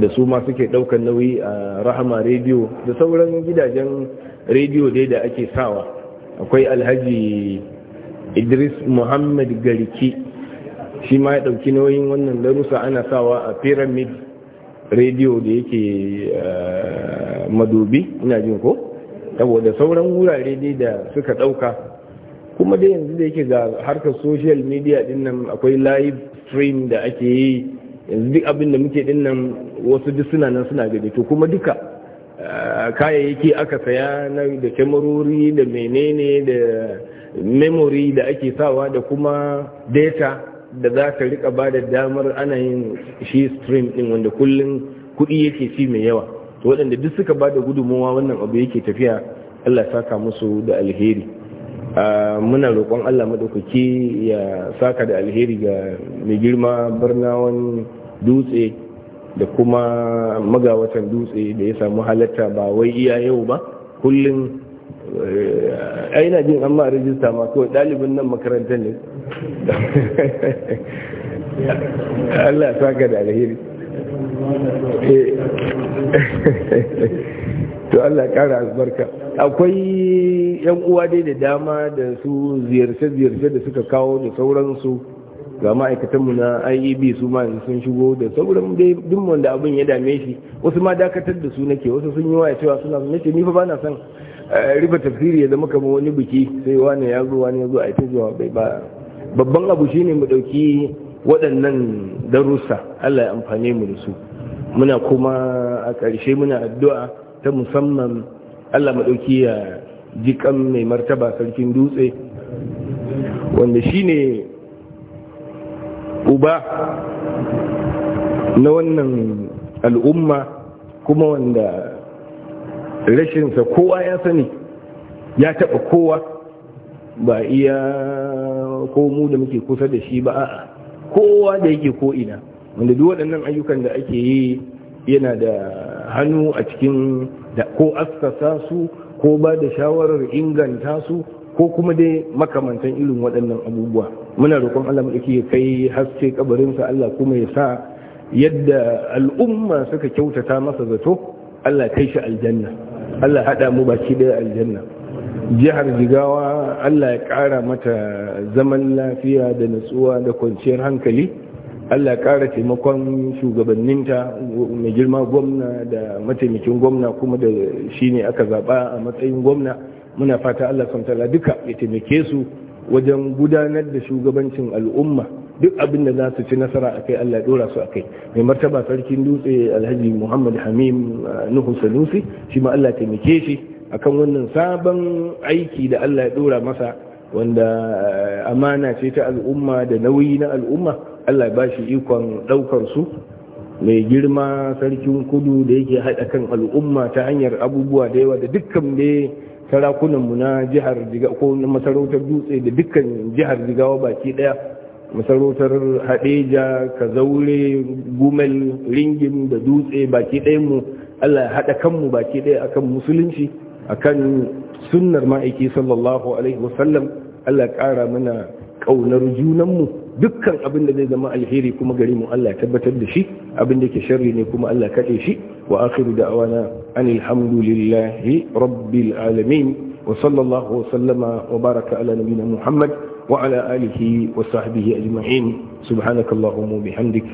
da su ma suke ɗaukar nauyi a Rahama Radio da sauran gidajen rediyo dai da ake sawa akwai alhaji idris muhammad gariki shi ma ya ɗauki nauyin wannan darussa ana sawa a pyramid Radio da yake eh, madobi ina jin ko saboda sauran wurare dai da suka ɗauka kuma dai yanzu da yake ga harkar social media din nan akwai live stream da ake yi yanzu duk abin da muke din nan wasu duk suna nan suna gani to kuma duka kayayyaki aka saya na da kyamarori da menene da memory da ake sawa da kuma data da za ta rika ba da damar ana yin shi stream din wanda kullum kuɗi yake ci mai yawa to waɗanda duk suka ba da gudunmowa wannan abu yake tafiya allah saka musu da alheri muna roƙon allah maɗaukaki ya saka da alheri ga mai girma barnawan dutse da kuma magawatan dutse da ya samu halatta ba wai iya yau ba kullum eh, aina jin an ma rijista ma kawai ɗalibin nan makarantar ne Allah saka da alheri eh, to Allah kara albarka akwai yan uwa dai da dama da su ziyarce-ziyarce da suka kawo da sauransu ga ma'aikatanmu na IEB su ma sun shigo da sauran dai duk wanda abin ya dame shi wasu ma dakatar da su nake wasu sun yi waya cewa suna sun nace ni fa bana son eh, riba tafsiri ya zama kamar wani biki sai wani ya zo wani ya zo a ta zuwa bai ba babban abu shine mu dauki waɗannan darussa Allah ya amfane mu da su muna kuma a ƙarshe muna addu'a ta musamman Allah dauki ya jikan mai martaba sarkin dutse wanda shine uba na wannan al'umma kuma wanda rashinsa kowa ya sani ya taɓa kowa ba iya ko mu da muke kusa da shi ba a'a kowa da yake ko'ina wanda duk waɗannan ayyukan da ake yi yana da hannu a cikin da ko askasa su ko ba da shawarar inganta su ko kuma dai makamantan irin waɗannan abubuwa muna roƙon Allah mai ya kai haske kabarinsa Allah kuma ya sa yadda al'umma suka kyautata masa zato Allah kai shi aljanna Allah haɗa mu baki ɗaya aljanna jihar jigawa Allah ya ƙara mata zaman lafiya da natsuwa da kwanciyar hankali Allah ya ƙara taimakon shugabanninta mai girma gwamna da mataimakin gwamna kuma da shine aka zaɓa a matsayin gwamna muna fata Allah samtala duka ya taimake su wajen gudanar da shugabancin al'umma duk abin da za su ci nasara a kai Allah dora su a kai mai martaba sarkin dutse alhaji muhammad hamim uh, nuhu sanusi shi ma Allah taimake shi akan wannan sabon aiki da Allah ya dora masa wanda uh, amana ce ta al'umma da nauyi na al'umma Allah ba shi ikon daukar su mai girma sarkin kudu da yake haɗa kan al'umma ta hanyar abubuwa da yawa da dukkan da sarakunanmu na jihar jigawa ko na masarautar dutse da dukkan jihar jigawa baki daya masarautar hadeja kazaure gumel ringin da dutse baki mu allah ya haɗa kanmu baki daya akan musulunci akan sunnar ma'aiki sallallahu alaihi wasallam allah ya ƙara mana ƙaunar junanmu dukkan abin da zai zama alheri kuma gari mu Allah tabbatar da shi abin da ke sharri ne kuma Allah kaɗe shi wa akhiru da'wana awana hamdulillahi rabbil alamin wa sallallahu wa sallama wa baraka ala nabiyina muhammad wa ala alihi wa sahbihi ajma'in subhanakallahumma bihamdik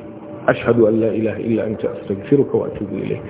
ashhadu an la ilaha illa anta astaghfiruka wa atubu ilayk